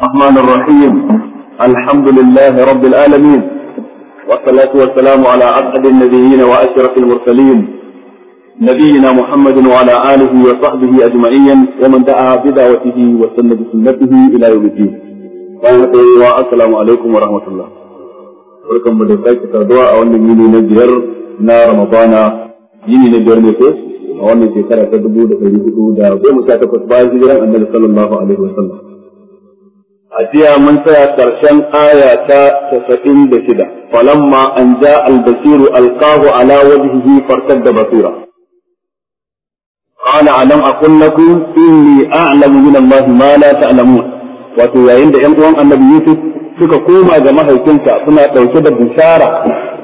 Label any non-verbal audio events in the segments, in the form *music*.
الرحمن الرحيم الحمد لله رب العالمين والصلاة والسلام على أسعد النبيين وأشرف المرسلين نبينا محمد وعلى آله وصحبه أجمعين ومن دعا بدعوته وسن بسنته إلى يوم الدين السلام عليكم ورحمة الله barkan mu da sake saduwa a wannan yini na biyar na Ramadana yini na biyar ne ko a wannan shekara ta dubu da ɗari hudu da goma bayan hijiran Annabi sallallahu alaihi wa sallam ajiya mun saya karshen aya ta 96 falamma an ja al-basiru alqahu ala wajhihi fartada basira ana alam akun naku inni a'lamu min allahi ma la ta'lamun wato yayin da ɗan uwan annabi yusuf suka koma ga mahaifinsa. suna dauke da bishara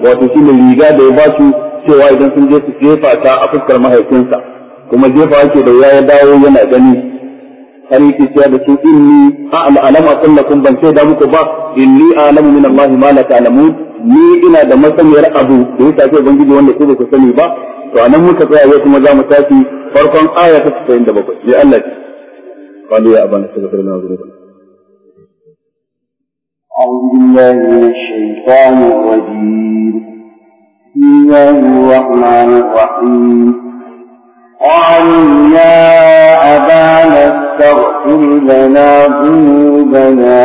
wato shi riga da ya basu cewa idan sun je su jefa ta a fuskar mahaifinsa kuma jefa yake da ya dawo yana gani har yake cewa da su inni a'lam aqul lakum ban sai da muku ba inni a'lamu min Allah ma la ta'lamun ni ina da masaniyar abu da ya tafi ubangiji wanda ku ba sani ba to anan muka tsaya yau kuma za mu tafi farkon aya ta 97 ya Allah قالوا يا أبانا استغفر لنا ذنوبنا أعوذ بالله من الشيطان الرجيم بسم الله الرحمن الرحيم قالوا يا أبانا تغفر لنا ذنوبنا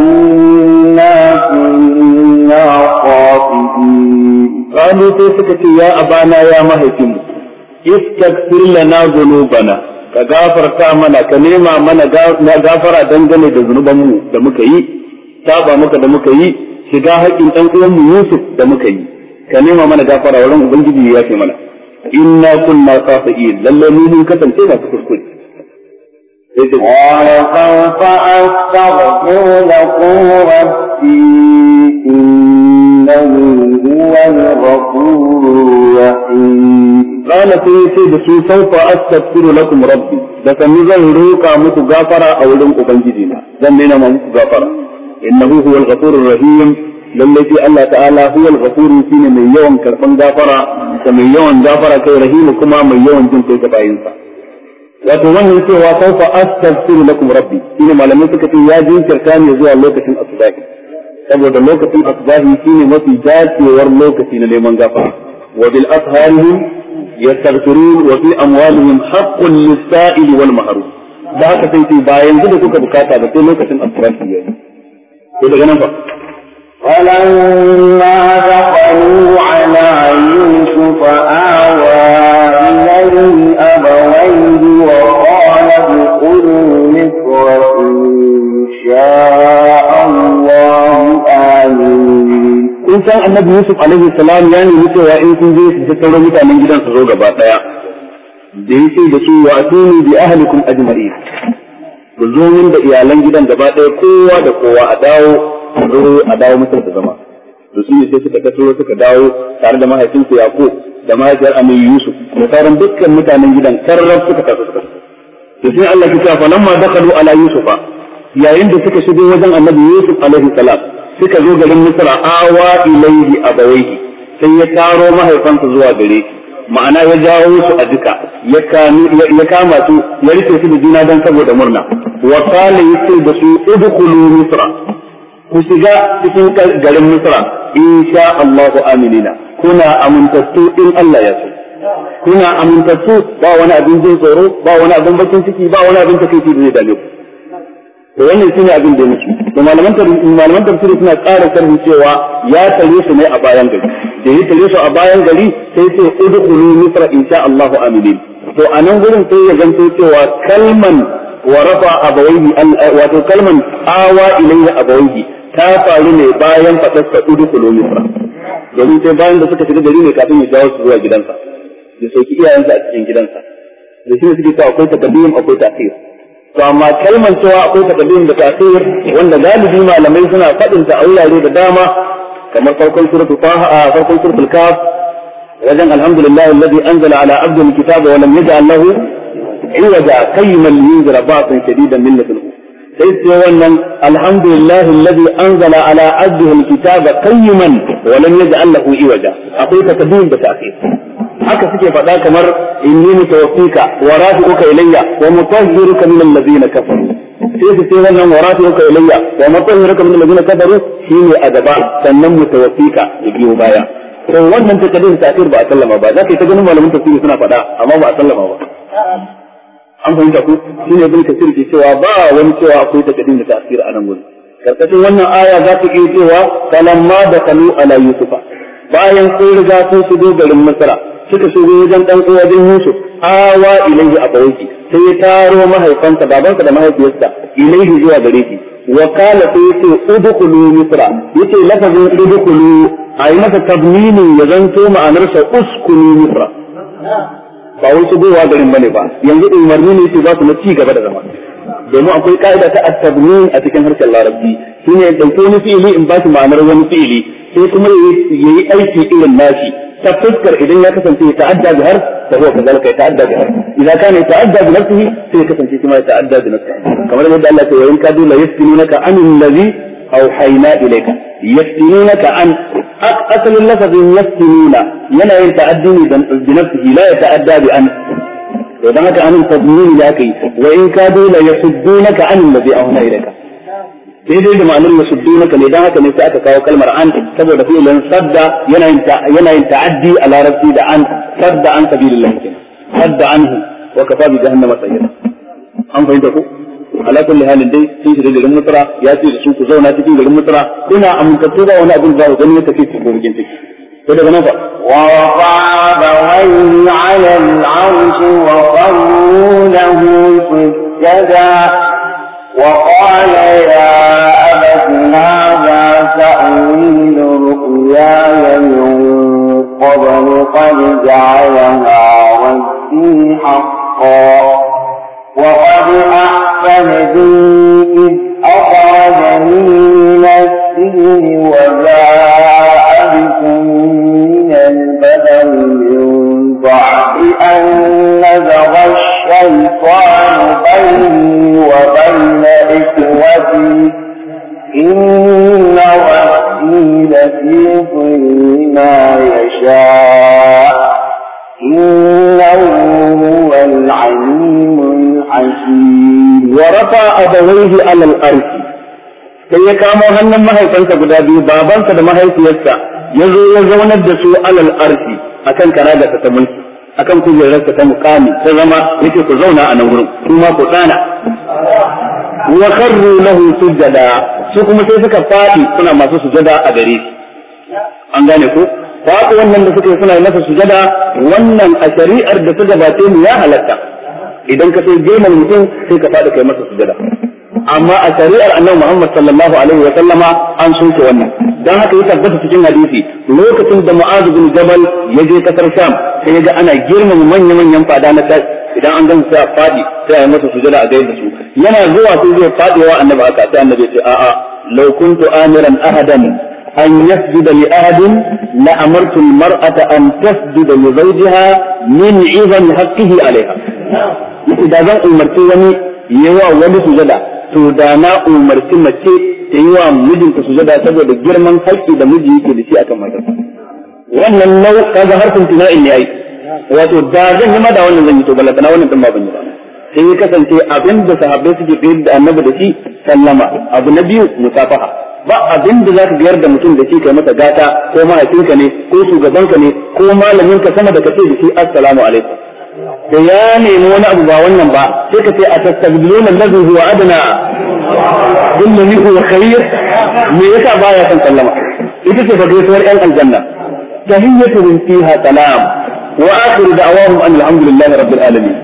إنا كنا خاطئين قالوا تسكت يا أبانا يا مهتم استغفر لنا ذنوبنا ka gafarta mana ka nema mana na gafara dangane da zunubanmu da muka yi saba muka da muka yi shiga haƙƙin ɗan uwanmu Yusuf da muka yi ka nema mana gafara wurin ubangiji ya ce mana inna kunna safi'in lalle mu mun kasance masu kuskure قال سوف أستغفر لكم ربي إنه هو الغفور الرحيم قال سيدي بسو سوف أستغفر لكم ربي لكن زن روكا مكو غافرة أو لم بنجدنا زن لنا مكو غافرة إنه هو الغفور الرحيم لله Allah ta'ala huwa al-ghafuru shine mai yawan karban gafara da mai yawan gafara kai rahimu kuma mai yawan wato wannan cewa saufa astaghfiru lakum rabbi shine malamai suka ce ya jinkirta ne zuwa lokacin asubahi saboda lokacin asubahi ne mafi dacewar lokaci na neman gafara wa bil asharihim yastaghfirun wa fi amwalihim haqqun lis-sa'il wal mahrum da haka sai ce ba yanzu da kuka bukata ba sai lokacin asubahi yayi to daga nan fa فلما دخلوا على يوسف آوى إليه أبويه وقال ادخلوا مصر إن شاء الله آمين kun san annabi Yusuf alaihi salam ya nemi cewa in kun je su tattaro mutanen gidan su zo gaba daya da yake da su wa atuni bi ahlikum ajma'in ku zo min da iyalan gidan gaba daya kowa da kowa a dawo a dawo mutum da zama to su ne sai suka tattaro suka dawo tare da mahaifinsu Yakub da mahaifiyar Amir Yusuf da sauran dukkan mutanen gidan karrar suka tafi suka to Allah ya ce fa lamma dakalu ala Yusufa yayin da suka shigo wajen Annabi Yusuf alaihi salam suka zo garin Misra awa a abawayhi sai ya taro mahaifansa zuwa gare shi ma'ana ya jawo su a duka ya kama su ya rike su da juna dan saboda murna wa ya ce da su udkhulu Misra ku shiga cikin garin Misra insha Allahu aminina kuna amintattu in Allah ya so kuna amintattu ba wani abin jin tsoro ba wani abin bakin ciki ba wani abin takaici da zai dame ku to wannan shine abin da nake to malaman malaman tafsiri suna ƙara karfi cewa ya tare su ne a bayan gari da ya tare su a bayan gari sai sai udkhulu misra insha Allah aminin to anan gurin sai ya zanto cewa kalman wa rafa abawaihi eh, wato kalman awa ilayya abawaihi ta faru ne bayan fadarsa udkhulu misra domin sai bayan da suka shiga gari ne kafin ya dawo zuwa gidansa ya sauki iyayensa a cikin gidansa da shi suke cewa akwai takaddim akwai ta'khir to amma kalmar cewa akwai takaddim da ta'khir wanda galibi malamai suna faɗin ta a wurare da dama kamar farkon suratul faha farkon suratul kaf wajen alhamdulillah alladhi anzala ala abdihi alkitaba wa lam yaj'al lahu iwaja qayyiman yunzira ba'san shadidan min ladun sai ce wannan alhamdulillah alladhi anzala ala abdihi alkitaba qayyiman walam yaj'al lahu iwaja akwai takdim da ta'khir haka suke faɗa kamar inni mutawaffika wa rafi'uka ilayya wa mutahhiruka min alladhina kafaru sai su ce wannan wa rafi'uka ilayya wa mutahhiruka min alladhina kafaru shine a gaba sannan mutawaffika ya biyo baya to wannan takdim ta'khir ba a sallama ba zaka yi ta ganin suna faɗa amma ba a sallama ba an fahimta ku shine ibn kasir ke cewa ba wani cewa akwai takdim da ta'khir a nan gurin karkashin wannan aya za ta iya cewa falamma da kalu ala yusufa bayan sun riga sun shigo garin masara suka shigo wajen dan uwa din yusuf awa ilaihi abawaihi sai ya taro mahaifansa babansa da mahaifiyarsa ilaihi zuwa gare shi wa kala sai yace udkhulu misra yace lafazin udkhulu ayi masa tabmini ya zanto ma'anarsa uskunu misra ba wai shigowa garin bane ba yanzu umarni ne yace za su ci gaba da zama domin akwai ka'ida ta at a cikin harshen larabci shine ya dauko wani fi'ili in ba shi ma'anar wani fi'ili sai kuma yayi aiki irin nashi ta fuskar idan ya kasance ya ta'adda bi har ta fa huwa kadhalika ya ta'adda bi har idza kana ya ta'adda bi nafsihi sai ya kasance kuma ya ta'adda bi nafsihi kamar yadda Allah ta yayin kadu la yastinunaka anil ladhi awhayna ilayka yastinunaka an asalin lafazin yastinuna yana yin ta'addi bi nafsihi la ya ta'adda bi an to aka aminta anan tadmini da yi wa in ka dole ya suddunaka an allazi auna ilaka sai dai da ma'anar yasuddunaka ne dan haka ne sai aka kawo kalmar an saboda fi'ilin sadda yana yin yana yin ta'addi a larabci da an sadda an sabilillah sadda anhu wa kafa bi jahannama sayyida an fahimta ko ala kulli halin dai sun shiga garin mutura ya ce da su ku zauna cikin garin Misra kuna amintattu ba wani abin da ku gani ya tafi cikin garin ciki كده بنضع ورفع أبويه على العرش وقروا له سجدا وقال يا أبت هذا تأويل رؤياي من قبل قد جعلها ربي حقا وقد أحسن بي إذ أخرجني من السجن وجاء بكم من البدو من بعد أن نزغ الشيطان بيني وبين إخوتي إن ربي لطيف لما يشاء إنه هو العليم الحكيم ورفع أبويه على الأرض sai ya kamo hannun mahaifansa guda biyu babansa da mahaifiyarsa ya zo ya zaunar da su alal arfi akan karaga ta mulki akan kujerar ta mukami ta zama yake ku zauna a nan gurin kuma ku tsana wa kharru lahu sujada su kuma sai suka fadi suna masu sujada a gare an gane ko faɗi wannan da suka yi suna masa sujada wannan a shari'ar da ta gabace mu ya halatta idan ka sai girman mutum sai ka faɗi kai masa sujada amma a shari'ar annabi Muhammad sallallahu alaihi wa sallama an sunke wannan dan haka ya tabbata cikin hadisi lokacin da Mu'adh bin Jabal ya je kasar Sham sai ya ga ana girmama manya-manyan fada na kai idan an gan sa fadi sai ya masa sujada a gaida su yana zuwa sai zai fadiwa annabi aka sai annabi ya ce a'a law kuntu amiran ahadan an yasjuda li ahadin la amartu al-mar'ata an tasjuda li zawjiha min 'izami haqqihi 'alayha da zan umarci wani yawa wani sujada to da na umarci mace ta yi wa mijinta su sujada saboda girman haƙƙi da miji yake da shi akan mata. wannan nau kaga harfin tina'in ne ai wato da zan yi ma wannan zan yi to balaka na wannan din ba ban sai ya kasance abin da sahabbai suke bayar da annabi da shi sallama abu na biyu musafaha ba abin da zaka biyar da mutum da shi kai masa gata ko mahaifinka ne ko shugabanka ne ko malaminka sama da kace da shi assalamu alaikum da ya nemi wani abu ba wannan ba sai ka ce a tastabdiluna allazi huwa adna billahi huwa khair me yasa baya san sallama ita ce fa gaisuwar yan aljanna tahiyyatuhum fiha salam wa akhiru da'awahum an alhamdulillahi rabbil alamin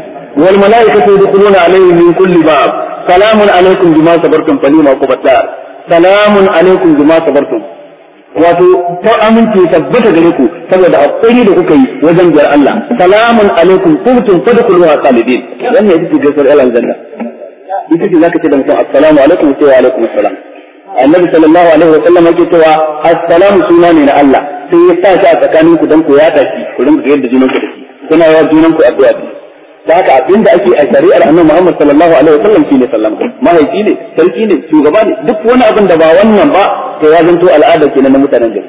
wal malaikatu yadkhuluna alayhim min kulli bab salamun alaikum bima sabartum fa ni'ma uqbat salamun alaikum bima sabartum wato ta aminci tabbata gare ku saboda hakuri da kuka yi wajen biyar Allah salamun alaikum kuntum tadkhuluha khalidin wannan yake gaskiyar aljanna ita ce zaka ce da mutum assalamu alaikum wa alaikum assalam annabi sallallahu alaihi wa sallam yake cewa assalamu suna ne na Allah sai ya sa shi a tsakanin ku dan ku ya shi ku rinka yadda junan ku da shi kuna yawa junan ku addu'a da haka abin da ake a shari'ar annabi Muhammad sallallahu alaihi wa sallam shine sallama mahaifi ne sarki ne shugaba ne duk wani abin da ba wannan ba to ya zanto al'ada kenan na mutanen gari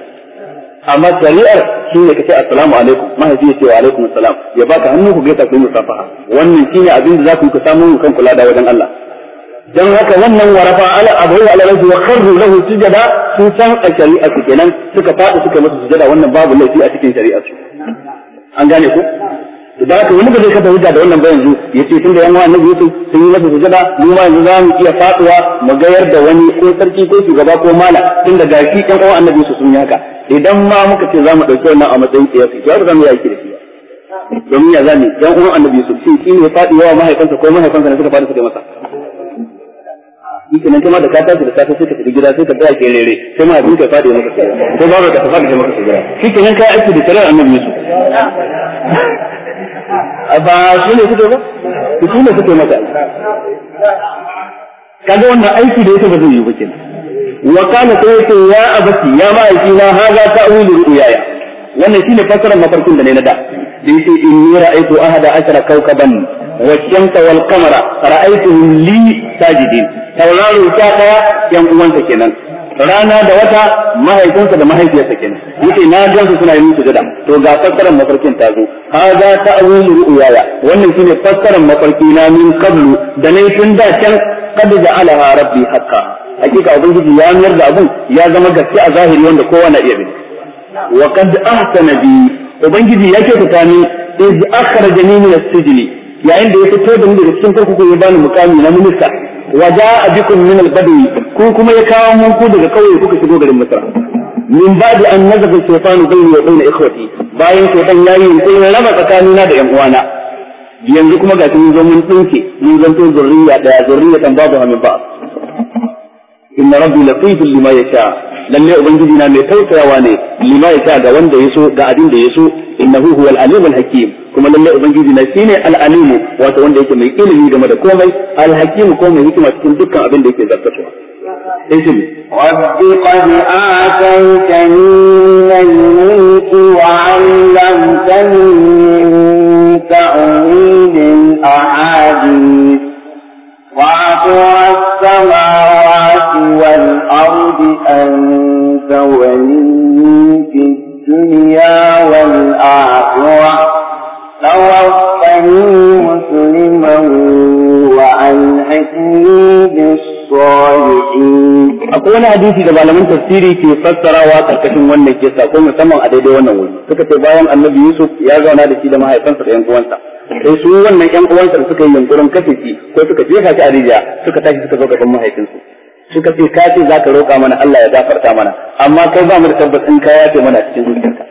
amma shari'ar shi ne ka ce assalamu alaikum mahaifi ya ce wa alaikum assalam ya baka hannu ku gaisa ku musafaha wannan ne abin da za ku samu kan kula da wajen Allah dan haka wannan warafa ala abu ala rabbi wa kharru lahu sujada su san a shari'a kenan suka faɗi suka masa sujada wannan babu laifi a cikin shari'a an gane ku da haka wani ba zai kafa hujja da wannan ba yanzu ya ce tun da yan wani yusuf sun yi masa sujada mu ma yanzu za mu iya faduwa mu gayar da wani ko sarki ko shugaba ko mala tun da gashi kan kawo annabi su sun yi haka idan ma muka ce za mu ɗauki wannan a matsayin kiyasi ya za mu yi aiki da shi domin ya zami yan uwan annabi yusuf shi shi ne faɗi yawa mahaifansa ko mahaifansa ne suka faɗi suka masa yake nan kuma da ka tashi da safe sai ka tafi gida sai ka tsaya ke rere sai ma abin ka faɗi maka sujada ko ba ka faɗi maka sujada shi kenan kai aiki da shari'ar annabi yusuf ba su ne fito ba su ne fito maka kaga wannan aiki da yake ba zai yi ba kenan wa kana ta yake ya abati ya ma'aiki na haza ta, ta'wilu ru'yaya wannan shine fasaran mafarkin da ne na da da yake inni ra'aytu ahada ashara kawkaban wa shamsa wal qamara ra'aytuhum li sajidin tauraro ta daya yan uwanka kenan rana da wata mahaifinsa da mahaifiyarsa kenan yace na gan su suna yin sujada to ga fassarar mafarkin ta zo Ha hada ruu ru'yaya wannan shine fassarar mafarki na min qablu da nayi tun da can qad ja'alaha rabbi haka. hakika ubangiji ya mayar da abun ya zama gaske a zahiri wanda kowa na iya bin wa qad ahsana bi ubangiji ya kyautata ni iz akhrajani min as-sijni yayin da ya fito da ni daga cikin kurkuku ya bani mukami na minista wa a bikum min al-badwi ku kuma ya kawo muku daga kauye kuka shigo garin Misra min ba'di an nazaga shaytanu bayni wa bayna ikhwati bayan shaytan yayi yunkurin raba tsakanina da yan uwana yanzu kuma ga mun zo mun tsinke mun zanto zurriya daya zurriya tan babu hamin ba inna rabbi latifun lima yasha lalle ubangiji na mai tausayawa ne lima yasha ga wanda yaso ga abin da yaso innahu huwal alimul hakim kuma lallai ubangiji na shine al-alimu wato wanda yake mai ilimi game da komai al-hakimu ko mai hikima cikin dukkan abin da yake zartaswa اسم رب قد آتيتني من الملك وعلمتني من تأويل الأحاديث وعطر السماوات والأرض أنت ولي في الدنيا والآخرة توفني مسلما وألحقني بالصالحين akwai wani hadisi da malaman tafsiri ke fassarawa karkashin wannan kisa ko musamman a daidai wannan wuri suka ce bayan annabi yusuf ya zauna da shi da mahaifansa da yan uwansa sai su wannan yan uwansa da suka yi yunkurin kashe shi ko suka jefa shi a rijiya suka tashi suka zo gaban mahaifinsu suka ce ka ce zaka roƙa mana Allah ya gafarta mana amma kai ba mu da tabbas in ka yafe mana cikin zuciyarka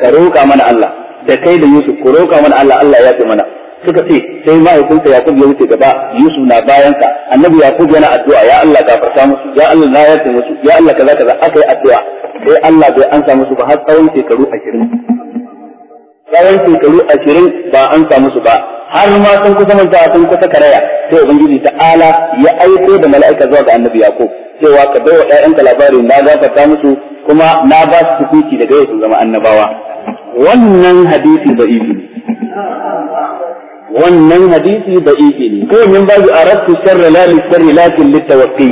ka roƙa mana Allah da kai da Yusuf ku roƙa mana Allah Allah ya ce mana suka ce sai mahaifinsa Yakub ya wuce gaba Yusuf na bayan ka annabi Yakub yana addu'a ya Allah gafarta musu ya Allah na yace musu ya Allah kaza kaza aka yi addu'a sai Allah bai ansa musu ba har tsawon shekaru 20 tsawon shekaru 20 ba an samu su ba har ma sun kusa manta sun kusa karaya sai ubangiji ta'ala ya aiko da mala'ika zuwa ga annabi Yakub cewa ka bai wa ɗayanka labarin na gafarta musu kuma na ba su tukuci daga yau sun zama annabawa wannan hadisi da'ifi ne wannan hadisi da'ifi ne ko min babu arabtu sharra la li sharri lakin litawaqqi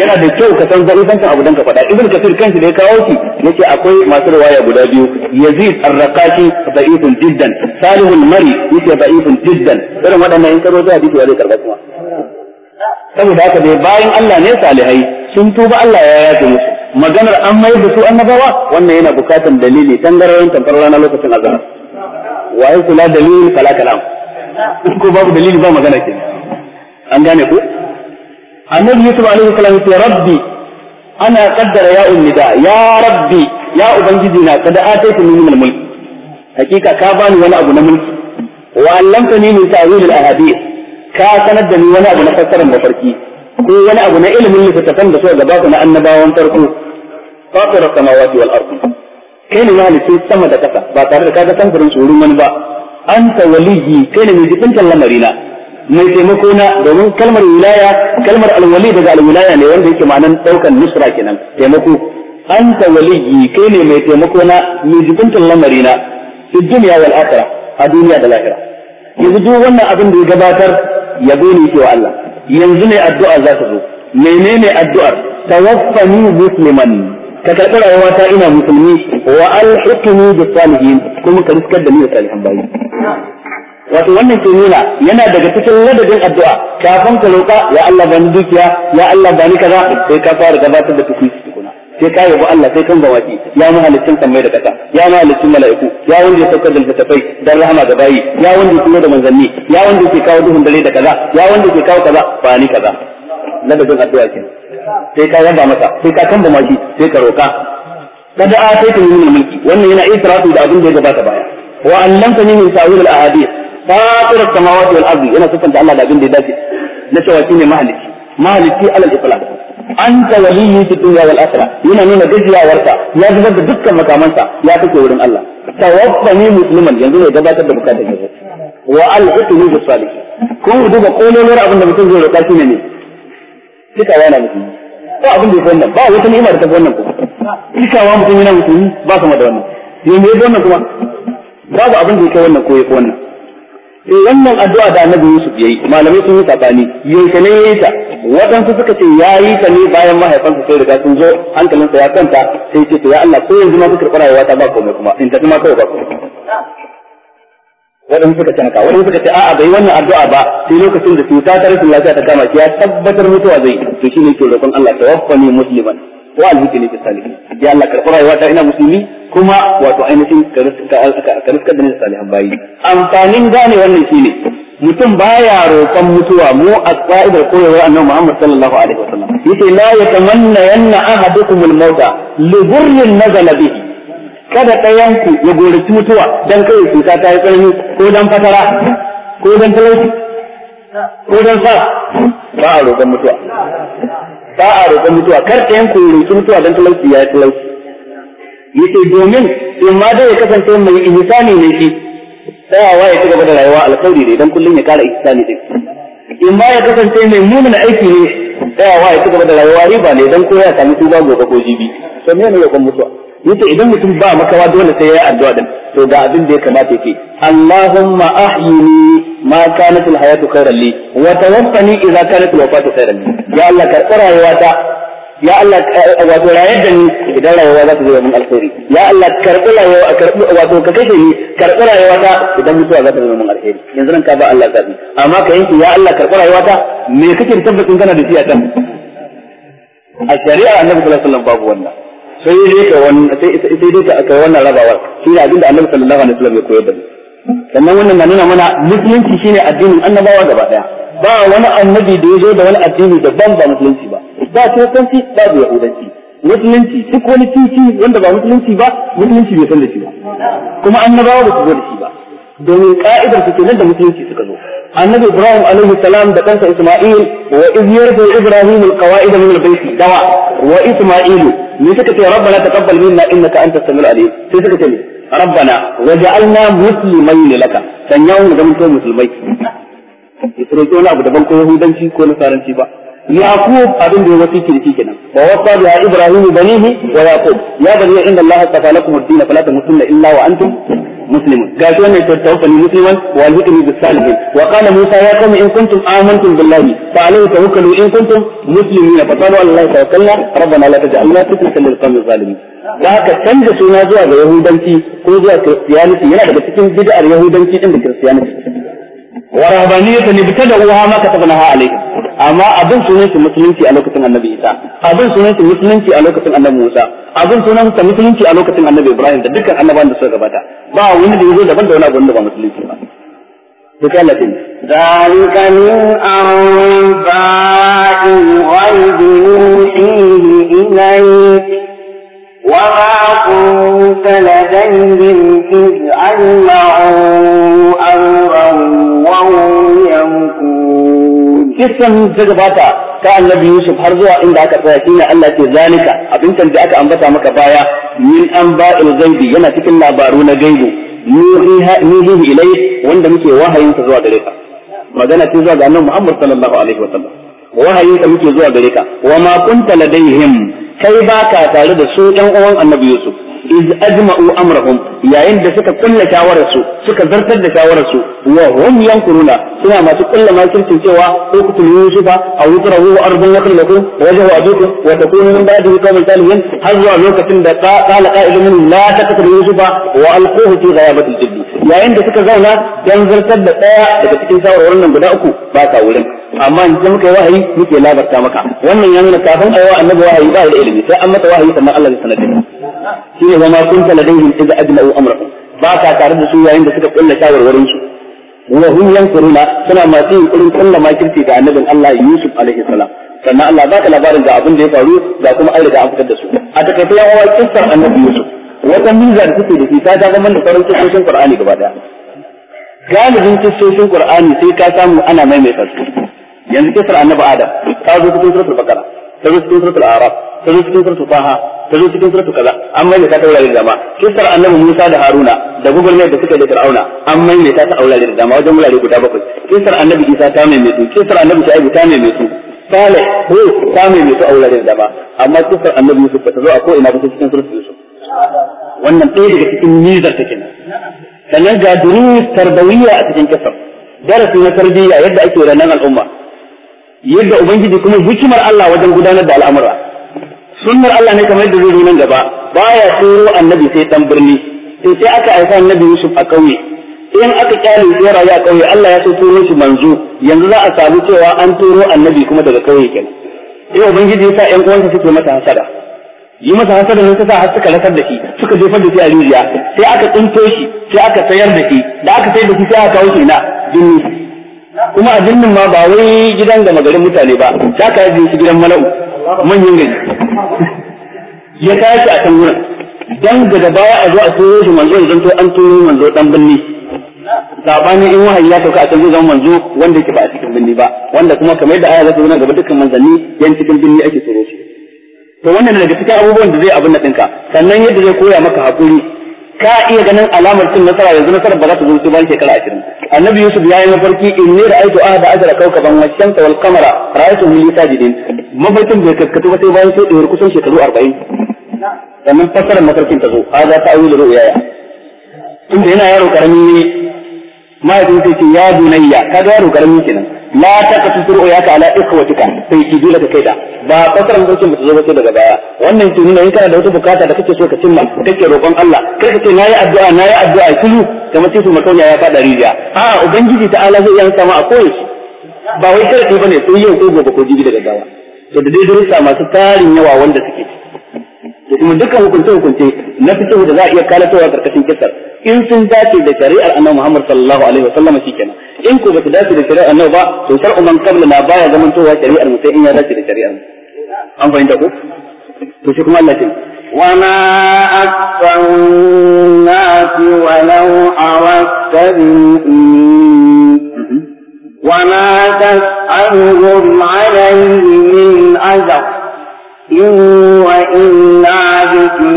yana da kyau ka san za'ifancin abu dan ka faɗa ibn kafir kanshi da ya kawo shi yace akwai masu riwaya guda biyu yazid ar-raqashi da'ifun jiddan salih al-mari yace da'ifun jiddan irin waɗannan in karo sai hadisi ya zai karɓa kuma saboda haka dai bayan Allah ne salihai sun tuba Allah ya yafe musu maganar an mayar da su annabawa wannan yana bukatan dalili tangararin tamfar rana lokacin azhar wa ai kula dalili fala kalam ko babu dalili ba magana ke an gane ku annabi yusuf alaihi salam ya rabbi ana qaddara ya ummida ya rabbi ya ubangiji na kada ataitu min al-mulk hakika ka bani wani abu na mulki wa allamtani min ta'wil al-ahadith ka sanar da ni wani abu na fassarar mafarki ko wani abu na ilimin littattafan da suka gabata na annabawan farko fatir samawati wal ardi kai ne halittun sama da kasa ba tare da kaga samfurin tsoron wani ba anta waliyyi kai ne mai jibintan lamarina mai taimako na domin kalmar wilaya kalmar alwali daga alwilaya ne wanda yake ma'anan daukan nusra kenan taimako anta waliyyi kai ne mai taimako na mai jibintan lamarina fi dunya wal akhirah a duniya da lahira yanzu duk wannan abin da ya gabatar ya ne ke wa Allah yanzu ne addu'a za ta zo menene addu'ar tawaffani musliman ka karɓi rayuwata ina musulmi wa alhiqni bis salihin kuma ka riskar da ni da salihan bayi wato wannan ke nuna yana daga cikin ladabin addu'a kafin ka roƙa ya Allah bani dukiya ya Allah bani kaza sai ka fara gabatar da tukuyi tukuna sai ka yabo Allah sai kan gawaki ya mahalicin sammai da kasa ya mahalicin mala'iku ya wanda ya saukar da littattafai dan rahama ga bayi ya wanda ya da manzanni ya wanda ke kawo duhun dare da kaza ya wanda ke kawo kaza bani kaza ladabin addu'a kenan sai ka yaba masa sai ka tambama shi sai ka roka da da sai ta yi mulki wannan yana israfu da abin da ya gabata baya wa allamta ni min ta'wil al ahadith fatir as samawati wal ardi yana sifanta Allah da abin da ya dace na cewa shine mahaliki mahaliki alal iflaq anta waliyyi fid dunya wal akhirah yana nuna gajiyawarsa ya zubar da dukkan makamansa ya take wurin Allah tawaffani musliman yanzu ne gabatar da bukatun yanzu wa alhiqni bis salihin kun duba kololwar abin da mutum zai roka shine ne cikawa na musulmi ba abin da ya wannan ba wata ni'ima da ta wannan kuma cikawa mutum yana musulmi ba sama da wannan yanzu ya wannan kuma babu abin da ya kai wannan ko ya wannan eh wannan addu'a da annabi Yusuf yayi malamai sun yi sabani yaushe ne yayi ta waɗansu suka ce ya yi ta ne bayan mahaifansa sai riga sun zo hankalinsa ya kanta sai ce to ya Allah ko yanzu ma suka karɓa rayuwa ta ba komai kuma in ta ma kawai ba komai waɗansu suka canaka waɗansu suka ce a'a bai wannan addu'a ba sai lokacin da cuta ta rashin lafiya ta kama shi ya tabbatar mutuwa zai to shine ke roƙon Allah tawaffani musliman wa alhikini fi salihin ya Allah karɓi rayuwa ta ina musulmi kuma wato ainihin ka riskar da ni salihan bayi amfanin gane wannan shine mutum baya roƙon mutuwa mu a ƙa'idar koyarwar annabi Muhammad sallallahu alaihi wasallam yace la yatamanna yanna ahadukum al-mauta li dhurrin nazala bihi kada ɗayanku ya goraci mutuwa don kai cuta ta yi tsanani ko don fatara ko don talauci ko don sa ba a roƙon mutuwa ba a roƙon mutuwa kar ɗayanku ya roƙi mutuwa don talauci ya yi talauci ce domin in ma dai ya kasance mai ihsani ne shi tsayawa ya ci gaba da rayuwa alkhairi ne don kullum ya kara ihsani ne. in ma ya kasance mai mumin aiki ne tsayawa ya ci gaba da rayuwa riba ne don koya ya sami tuba gobe ko jibi to me ne roƙon mutuwa yace idan mutum ba makawa dole sai ya yi addu'a din to ga abin da ya kamata yake Allahumma ahyini ma kanat alhayatu khayran li wa tawaffani idza kanat alwafatu khayran li ya Allah karɓi rayuwata ya Allah wato rayar da ni idan rayuwa za ta zama mun alkhairi ya Allah karɓi rayuwa karɓi wato ka kashe ni karɓi rayuwata idan mutuwa za ta zo mun alkhairi yanzu nan ka ba Allah zabi amma ka yanke ya Allah karɓi rayuwata me kake tabbacin kana da shi a kan a shari'a annabi sallallahu alaihi wasallam babu wannan sai dai ka wannan sai sai dai ka aka wannan rabawar shine abin da Annabi sallallahu alaihi wasallam ya koyar da mu sannan wannan na nuna mana musulunci shine addinin annabawa gaba daya ba wani annabi da ya zo da wani addini daban ba musulunci ba ba kiristanci ba da yahudanci musulunci duk wani titi wanda ba musulunci ba musulunci bai san da shi ba kuma annabawa ba su zo da shi ba domin ka'idar su nan da musulunci suka zo annabi ibrahim alaihi salam da kansa isma'il wa iz yarfu ibrahim alqawaid min albayt dawa wa isma'ilu ne suka ce rabbana taqabbal minna innaka antas samiul alim sai suka ce rabbana waj'alna muslimain laka sanya mu zama to musulmai sai ko abu daban ko yahudanci ko nasaranci ba yaqub abin da ya wasi kirki kenan wa wasa bi ibrahim banihi wa yaqub ya bani inda allah tafa lakum ad-din fala tamutunna illa wa antum مسلم قال أن توفني مسلما والهكني بالصالحين وقال موسى يا قوم إن كنتم آمنتم بالله فعليه توكلوا إن كنتم مسلمين فقالوا على الله توكلنا ربنا لا تجعلنا فتنة للقوم الظالمين da haka canza suna zuwa ga Yahudanci ko zuwa Kiristiyaniti yana daga cikin bid'ar Yahudanci in da Kiristiyaniti. Wa rahabaniyyatan ibtada'uha ma katabnaha alayhim amma abin sunan su musulunci a lokacin annabi isa abin sunan su musulunci a lokacin annabi musa abin sunan su musulunci a lokacin annabi ibrahim da dukkan annabawan da suka gabata ba wani da yazo daban da wani abin da ba musulunci ba duk Allah din ذلك wa أنباء الغيب نوحيه إليك وما كنت لديهم إذ أجمعوا أمرا وهم يمكرون kisan ta gabata ka annabi Yusuf har zuwa inda aka tsaya shine Allah ke zalika abin da aka ambata maka baya min an anba'il ghaibi yana cikin labaru na gaibu nuhihi ilai wanda muke wahayin zuwa gare ka magana ce zuwa ga annabi Muhammad sallallahu alaihi wa sallam wahayin ka muke zuwa gare ka wa ma kunta ladaihim kai ba ka tare da su ɗan uwan annabi Yusuf iz ajma'u amrahum yayin da suka kulla shawarar su suka zartar da shawarar su wa hum yankuruna suna masu kulla makircin cewa ukutul yusufa aw yutrahu ardun yakhluqu wajhu adukum wa takunu min ba'dihi qawmin salihin har zuwa lokacin da qala qa'ilun la taqtul yusufa wa alquhu fi ghayabatil jibbi yayin da suka zauna dan zartar da daya daga cikin shawarwarin nan guda uku ba ka wurin amma in muka yi wahayi muke labarta maka wannan ya nuna kafin ayi wa annabi wahayi ba da ilimi sai an mata wahayi sannan Allah ya sanar da shi ne zama kun ta ladaihi iz ajma'u amra ba ka tare da su yayin da suka kulla shawarwarin su wa hum yankuruna suna masu yin irin kulla makirci ga annabin Allah Yusuf alaihi salam sannan Allah ba ka labarin ga abin da ya faru ga kuma ai da an da su a takaice ya wawa kissar annabi Yusuf wata miza da suke da shi ta zama da sauran cikin Qur'ani gaba daya galibin cikin Qur'ani sai ka samu ana maimaita su yanzu kisar annabi adam ta zo cikin suratul bakara ta zo cikin suratul araf ta zo cikin suratul taha ta zo cikin suratul kaza an mai ta taurari da dama kisar annabi musa da haruna da gugul gugurmai da suka da fir'auna an mai ta ta aulare da dama wajen wurare guda bakwai kisar annabi isa ta mai mai su kisar annabi shaibu ta mai mai su salih ko ta mai mai su aulare da dama amma kisar annabi yusuf ta zo a ko ina ba cikin suratul yusuf wannan ɗaya daga cikin nizar take kenan sannan ga durus tarbawiya a cikin kisar darasi na tarbiyya yadda ake ranar al'umma yadda ubangiji kuma hikimar Allah wajen gudanar da al'amura sunnar Allah ne kamar yadda zai nan gaba baya turo annabi sai dan birni in sai aka aika annabi Yusuf a kauye in aka kyale sai rayu a kauye Allah ya sai tsoro shi manzo yanzu za a samu cewa an turo annabi kuma daga kauye kenan eh ubangiji ya sa ƴan uwansa suke masa hasada yi masa hasada ne ta sa har suka rasar da shi suka jefar da shi a rijiya sai aka tsinto shi sai aka sayar da shi da aka sayar da shi sai aka kawo shi na jinni kuma a jinnin ma ba wai gidan gama garin mutane ba za ka yi su gidan mala'u manyan gari ya tashi a can wurin dan da baya a zo a turo shi manzo ya zanto an turo manzo dan binni sabanin in wahayi ya sauka a can zai zama manzo wanda yake ba a cikin binni ba wanda kuma kamar yadda aya za ta zo gaba dukkan manzanni yan cikin binni ake turo shi to wannan daga cikin abubuwan da zai abin na ɗinka sannan yadda zai koya maka haƙuri. ka iya ganin alamar cin nasara yanzu nasarar ba za ta zo sai bayan shekara ashirin annabi yusuf yi mafarki inni ra'aytu ahada ajra kawkaban wa shamsa wal qamara ra'aytuhum li sajidin mafarkin bai kaskatu ba sai bayan sai da kusan shekaru 40 sannan fassarar mafarkin ta zo hada ta'awil ru'yaya tunda yana yaro karami ne mahaifin sai ce ya bunayya kaga yaro karami kenan la ta taqtu ru'yaka ala ikhwatika sai ki dole ka kai da ba fasar mutum ba zo ba daga baya wannan ke nuna kana da wata bukata da kake so ka cimma kake roƙon Allah kar ka ce nayi addu'a nayi addu'a kullu kamar sai su makauniya ya fada rijiya a ubangiji ta Allah zai iya sama a koyi ba wai kar kai bane sai yau ko gobe ko jibi daga gawa to da dai durusa masu tarin yawa wanda suke da kuma dukkan hukunce hukunce na fito da za a iya kalatowa karkashin kisar in sun dace da shari'ar Annabi Muhammad sallallahu alaihi wasallam shikenan in ku bata dace da shari'ar nau ba to shar'u man qablana baya zamantowa shari'ar mu sai in ya dace da shari'ar mu an fahimta ko to sai kuma Allah ya وما أكثر الناس ولو أردت بالإيمان وما تسألهم عليه من أجر إن وإلا ذكر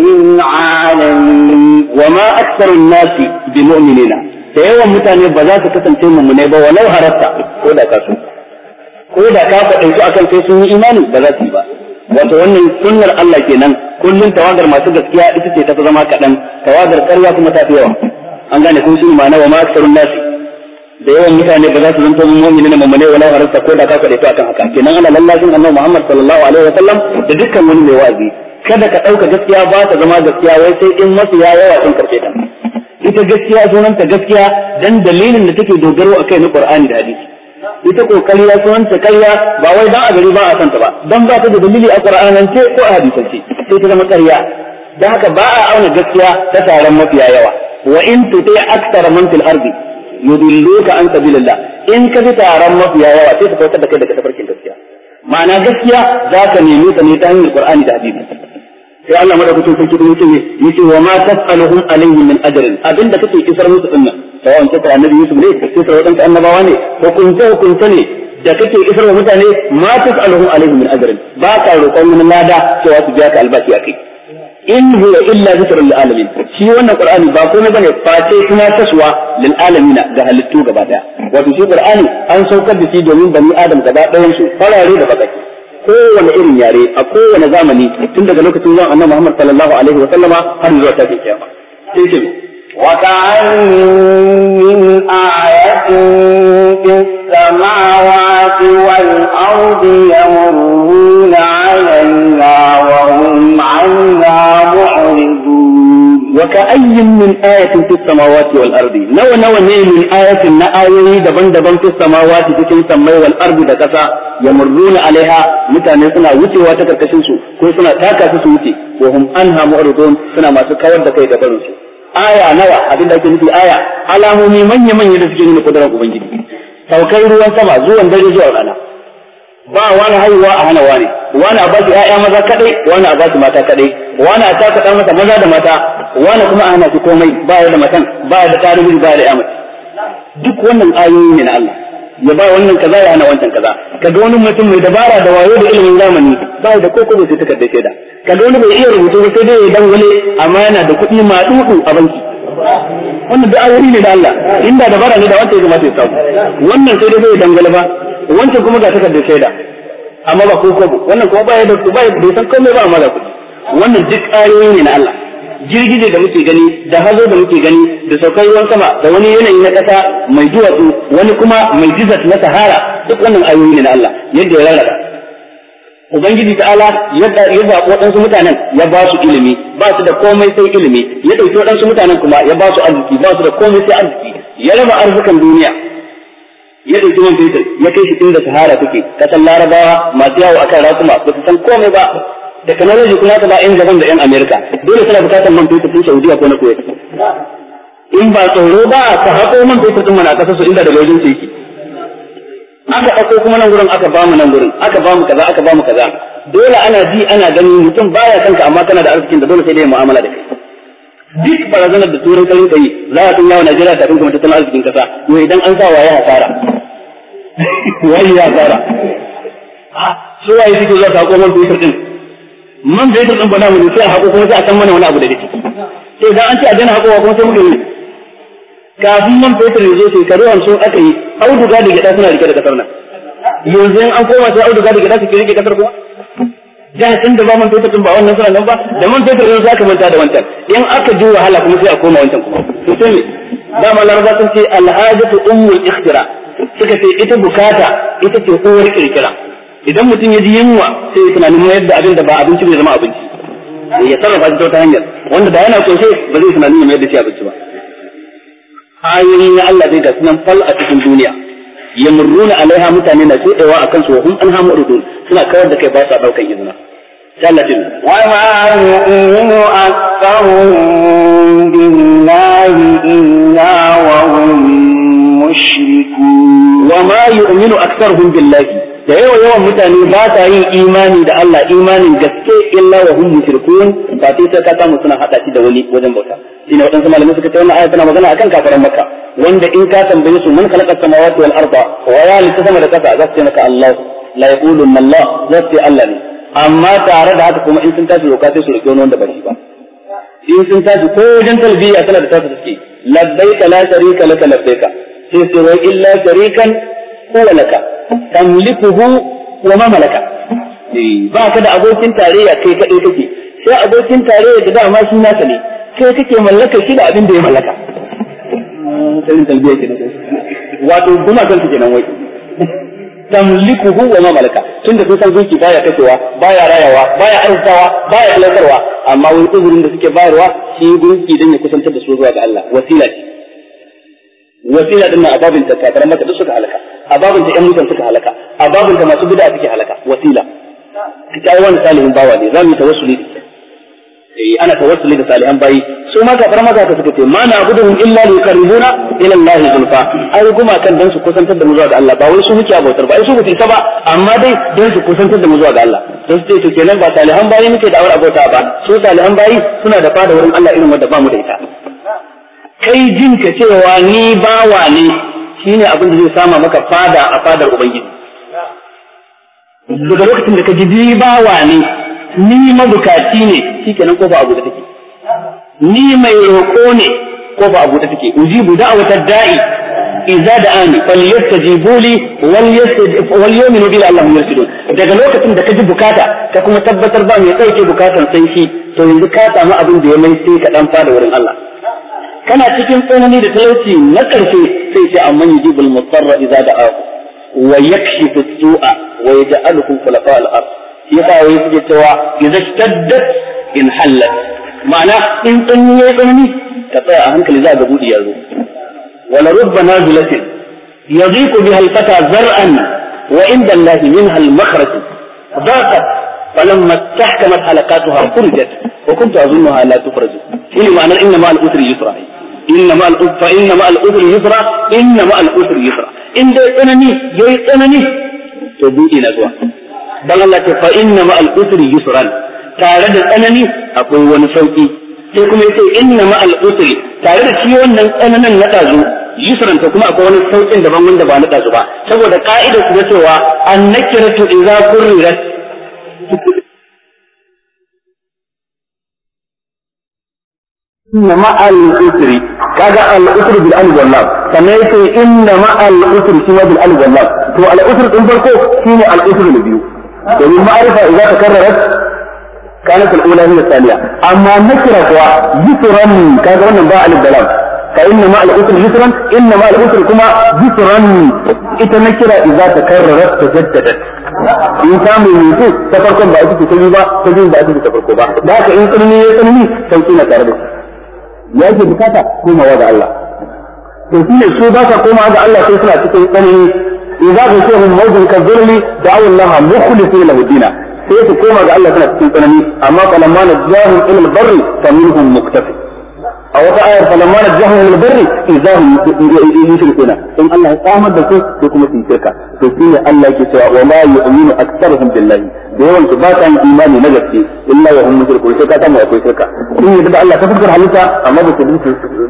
للعالمين وما أكثر الناس بمؤمنين da yawan mutane ba za su kasance mummunai ba walau harasta ko da ka su ko da ka faɗin su akan sai sun yi imani ba za su yi ba wato wannan sunnar Allah kenan kullun tawagar masu gaskiya ita ce ta zama kaɗan tawagar ƙarya kuma ta fi yawa an gane kun shi ma'ana wa ma nasu, nasi da yawan mutane ba za su zanto mu'mini na mamane wala harasta ko da ka faɗa su akan haka kenan ana lallashin annabi Muhammad sallallahu alaihi wa sallam da dukkan wani mai wa'azi kada ka ɗauka gaskiya ba ta zama gaskiya wai sai in masu ya yawa sun karfe ta ita gaskiya sunanta gaskiya dan dalilin da take dogaro akai na Qur'ani da hadisi ita ko sunanta kariya ba wai dan a gari ba a santa ba dan ba ta da dalili a Qur'anance ko a ce sai ta zama kariya dan haka ba a auna gaskiya ta taron mafiya yawa wa in tuti aktsara man fil ardi yudilluka an sabilillah in ka ji taron mafiya yawa sai ka kautar da kai daga tafarkin gaskiya ma'ana gaskiya za ka nemi ta ne ta hanyar Qur'ani da hadisi sai Allah madaukakin sarki da yake yace wa ma tasaluhum alayhi min ajrin abinda kake isar musu din nan sawan kake annabi Yusuf ne kake sawan annabawa ne hukunce hukunce ne da kake isar wa mutane ma tasaluhum alayhi min ajrin ba ka roƙon wani lada cewa su biya ka albashi akai in huwa illa zikrun lil alamin shi wannan qur'ani ba komai bane face kuma taswa lil alamin ga halittu gaba daya wato shi qur'ani an saukar da shi domin bani adam gaba ɗayan su farare da bakaki kowane irin yare a kowane zamani tun daga lokacin zuwa annabi Muhammad sallallahu alaihi wa sallama har zuwa ta kiyama sai ce وكأن من آية samawati wal ardi يمرون alayna wa hum معرضون Waka ka'ayyin min ayatin fis samawati wal ardi nawa nawa ne min ayatin na daban-daban fis samawati cikin sammai wal ardi da kasa yamurruna alaiha mutane suna wucewa ta karkashin su ko suna taka su wuce wa hum anha mu'ridun suna masu kawar da kai da barin su aya nawa abin da ake nufi aya alamomi manya-manya da suke nuna kudurar ubangiji saukar ruwan sama zuwan dare zuwa rana ba wani haihuwa a hana wani wani a basu ƴaƴa maza kadai wani a basu mata kadai wani a taka masa maza da mata wani kuma ana shi komai ba ya da matan ba ya da tarihi ba ya da yamma duk wannan ayoyi ne na Allah ya ba wannan kaza ya hana wancan kaza kaga wani mutum mai dabara da wayo da ilimin zamani ba ya da koko sai da. shaida kaga wani bai iya rubutu ba sai dai ya dangwale amma yana da kuɗi dudu a banki wannan da ayoyi ne da Allah inda dabara ne da wancan ya kamata ya samu wannan sai dai bai dangwale ba wancan kuma ga da shaida amma ba koko ba wannan kuma ba ya da ba ya san komai ba amma da kuɗi wannan duk ayoyi ne na Allah girgije da muke gani da hazo da muke gani da saukar ruwan sama da wani yanayi na kasa mai duwatsu wani kuma mai jiza na sahara duk wannan ayoyi ne na Allah yadda ya rarraba Ubangiji ta'ala yadda ya zaɓi waɗansu mutanen ya ba su ilimi ba su da komai sai ilimi ya ɗauki waɗansu mutanen kuma ya ba su arziki ba su da komai sai arziki ya raba arzikan duniya ya ɗauki man fetur ya kai shi inda sahara take kasan larabawa masu yawo akan rakuma ba su san komai ba da technology kuma ta ba yan gaban da yan America dole suna bukatar man fetur din Saudiya ko na Kuwait in ba tsoro ba a ta haƙo man fetur din mana a kasar su inda daga wajen su yake aka ɗauko kuma nan gurin aka bamu nan gurin aka bamu kaza aka bamu kaza dole ana ji ana gani mutum baya kanka amma kana da arzikin da dole sai dai mu'amala da kai duk barazanar da turan kalin kai za a tunya wa Najeriya kafin kuma tattalin arzikin kasa to idan an sa waye hasara *laughs* waye hasara ah, su waye suke zuwa haƙo man fetur din man bai da tsangwana mu sai a hako kuma sai a san mana wani abu da dake sai idan an ce a dana hakowa kuma sai muka yi kafin man fetur sai zo shekaru hamsin aka yi auduga da gida suna rike da kasar nan yanzu an koma sai auduga da gida suke rike kasar kuma san da ba man fetur din ba wannan suna nan ba da man fetur yanzu aka manta da wancan in aka ji wahala kuma sai a koma wancan kuma to sai da dama ba sun ce alhajatu ummul ikhtira suka ce ita bukata ita ce kowar kirkira idan mutum ya ji yunwa sai ya tunani mu yadda abin da ba abinci bai zama abinci eh, ya sarrafa shi ta wata hanyar wanda da yana sai ba zai tunani mu yadda shi abinci ba ayoyin na Allah dai ga sunan fal a cikin duniya yamruna alaiha mutane na shudewa akan hun an anha mu'ridun suna kawar da kai ba sa ɗaukar izina sallatin wa ma yu'minu aktharuhum billahi illa wa hum mushrikun wa da yawa yawan mutane ba sa yin imani da Allah imanin gaske illa wa hum mushrikun ba sai sai ka samu suna hada shi da wani wajen bauta shine wadansu malamai suka ce wannan aya tana magana akan kafiran makka wanda in ka tambaye su mun khalaqa samawati wal arda wa ya li sama da kasa za su ce maka Allah la yaqulu Allah za su ce Allah ne amma tare da haka kuma in sun tashi roka sai su roki wanda ba shi ba in sun tashi ko wajen talbiya tana da tasu suke labbaika la sharika laka labbaika sai su wai illa sharikan huwa laka tamlikuhu wa ma malaka eh, ba ka da abokin tarayya kai kadai kake sai abokin tarayya da dama shi naka ne kai kake mallaka shi da abin da ya mallaka irin talbiya ke wato kuma kanka kenan wai tamlikuhu wa ma malaka tunda sun san zuci baya kashewa baya rayawa baya arzikawa baya talakarwa amma wani uzurin da suke bayarwa shi gunki dan ya kusantar da su zuwa ga Allah wasila ce wasila din na ababin ta maka duk suka halaka a babin da ƴan mutan suka halaka a babin da masu bid'a suke halaka wasila ki ai wani salihin bawa ne za zamu tawassuli da eh ana tawassuli da salihan bayi su ma kafar maza ka suka ce ma na abuduhum illa li yuqarribuna ila Allah zulfa ai guma kan dan su kusantar da mu zuwa ga Allah ba wai su muke abautar ba ai su mutunta ba amma dai dan su kusantar da mu zuwa ga Allah Don su ce to kenan ba salihan bayi muke da awar abota ba su salihan bayi suna da fada wurin Allah irin wanda ba mu da ita kai jin ka cewa ni bawa ne shine abin da zai sama maka fada a fadar ubangiji daga lokacin da ka ji bawa ne ni mabukaci ne shikenan ba abu da take ni mai roko ne ko ba abu da take ujibu wata da'i idza da'ani falyastajibu li wal yu'minu bi Allahum yursidun daga lokacin da ka ji bukata ka kuma tabbatar ba mai tsauke bukatan sai shi to yanzu ka samu abin da ya mai sai ka dan fada wurin Allah kana cikin tsanani da talauci na ƙarfe sai ce amman yujibul mudarra idza da'ahu wa yakshifu su'a wa yaj'aluhu khulafa al-ard yasa wai suke cewa idza shaddat in hallat ma'ana in tsanani ya tsanani ka tsaya a hankali za ga budi ya zo wala rubba nazilatin yadhiqu biha al-fata zar'an wa inda Allah minha al-makhraj ضاقت فلما استحكمت حلقاتها فرجت وكنت اظنها لا تخرج شنو معنى ان مع الاسر يسرا inna ma al fa inna ma al-usri yusra inna ma al-usri yusra in dai tsanani ya yi tsanani to buɗe na zuwa dan Allah ta fa inna ma al-usri yusran tare da tsanani akwai wani sauki sai kuma yace inna ma al-usri tare da shi wannan tsananin na dazu yusran ta kuma akwai wani saukin daban wanda ba na dazu ba saboda ka'idar su da cewa annakiratu idza kurrirat إنما الأسر kaga al usr bil alif wal lam sannan yace inna ma al usr shi bil alif wal lam to al usr din farko shine al usr na biyu domin ma'arifa idan ka karrara كانت الأولى هي الثانية أما النكرة هو يسرا كذا من باء الدلال فإنما الأسر يسرا إنما الأسر in samu mutu ta farkon ba ita ce ta yi ba ta biyu ba ita ce ta farko ba da haka in tsanani ya tsanani sauki na tare da shi ya ke bukata komawa ga Allah to shi ne su ba sa komawa ga Allah sai suna cikin tsanani idza ghashiyahum mawjun kadhulli da'u Allah mukhlisina lahu dina sai su koma ga Allah suna cikin tsanani amma falamma najahum ila al-barri faminhum muktafi a wata ayar falamma najahum ila al-barri idza hum yushrikuna in Allah ya samar da su sai kuma su shirka to shi ne Allah yake cewa wa ma yu'minu aktsaruhum billahi da yawan su ba ta yin imani na gaske illa wa hum mushriku sai ka samu akwai shirka sun yi da Allah ta fuskar halitta amma ba su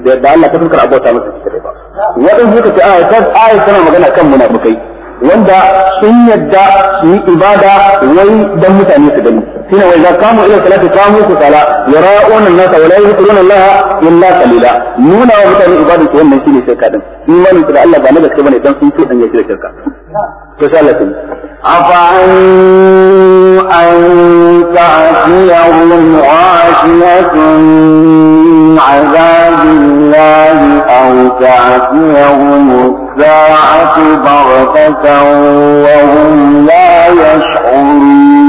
da Allah ta fuskar abota musu kike ba wadan suka ce ayat ayat tana magana kan munafikai wanda sun yadda su yi ibada wai dan mutane su gani shine wa idza qamu ila salati qamu kusala yara'una an-nasa wa la yadhkuruna Allah illa qalila nuna wa mutane ibadu ko wannan shine shirka din da Allah ba na gaske bane dan sun ce dan ya kira shirka to عذاب الله أو الساعة بغتة وهم لا يشعرون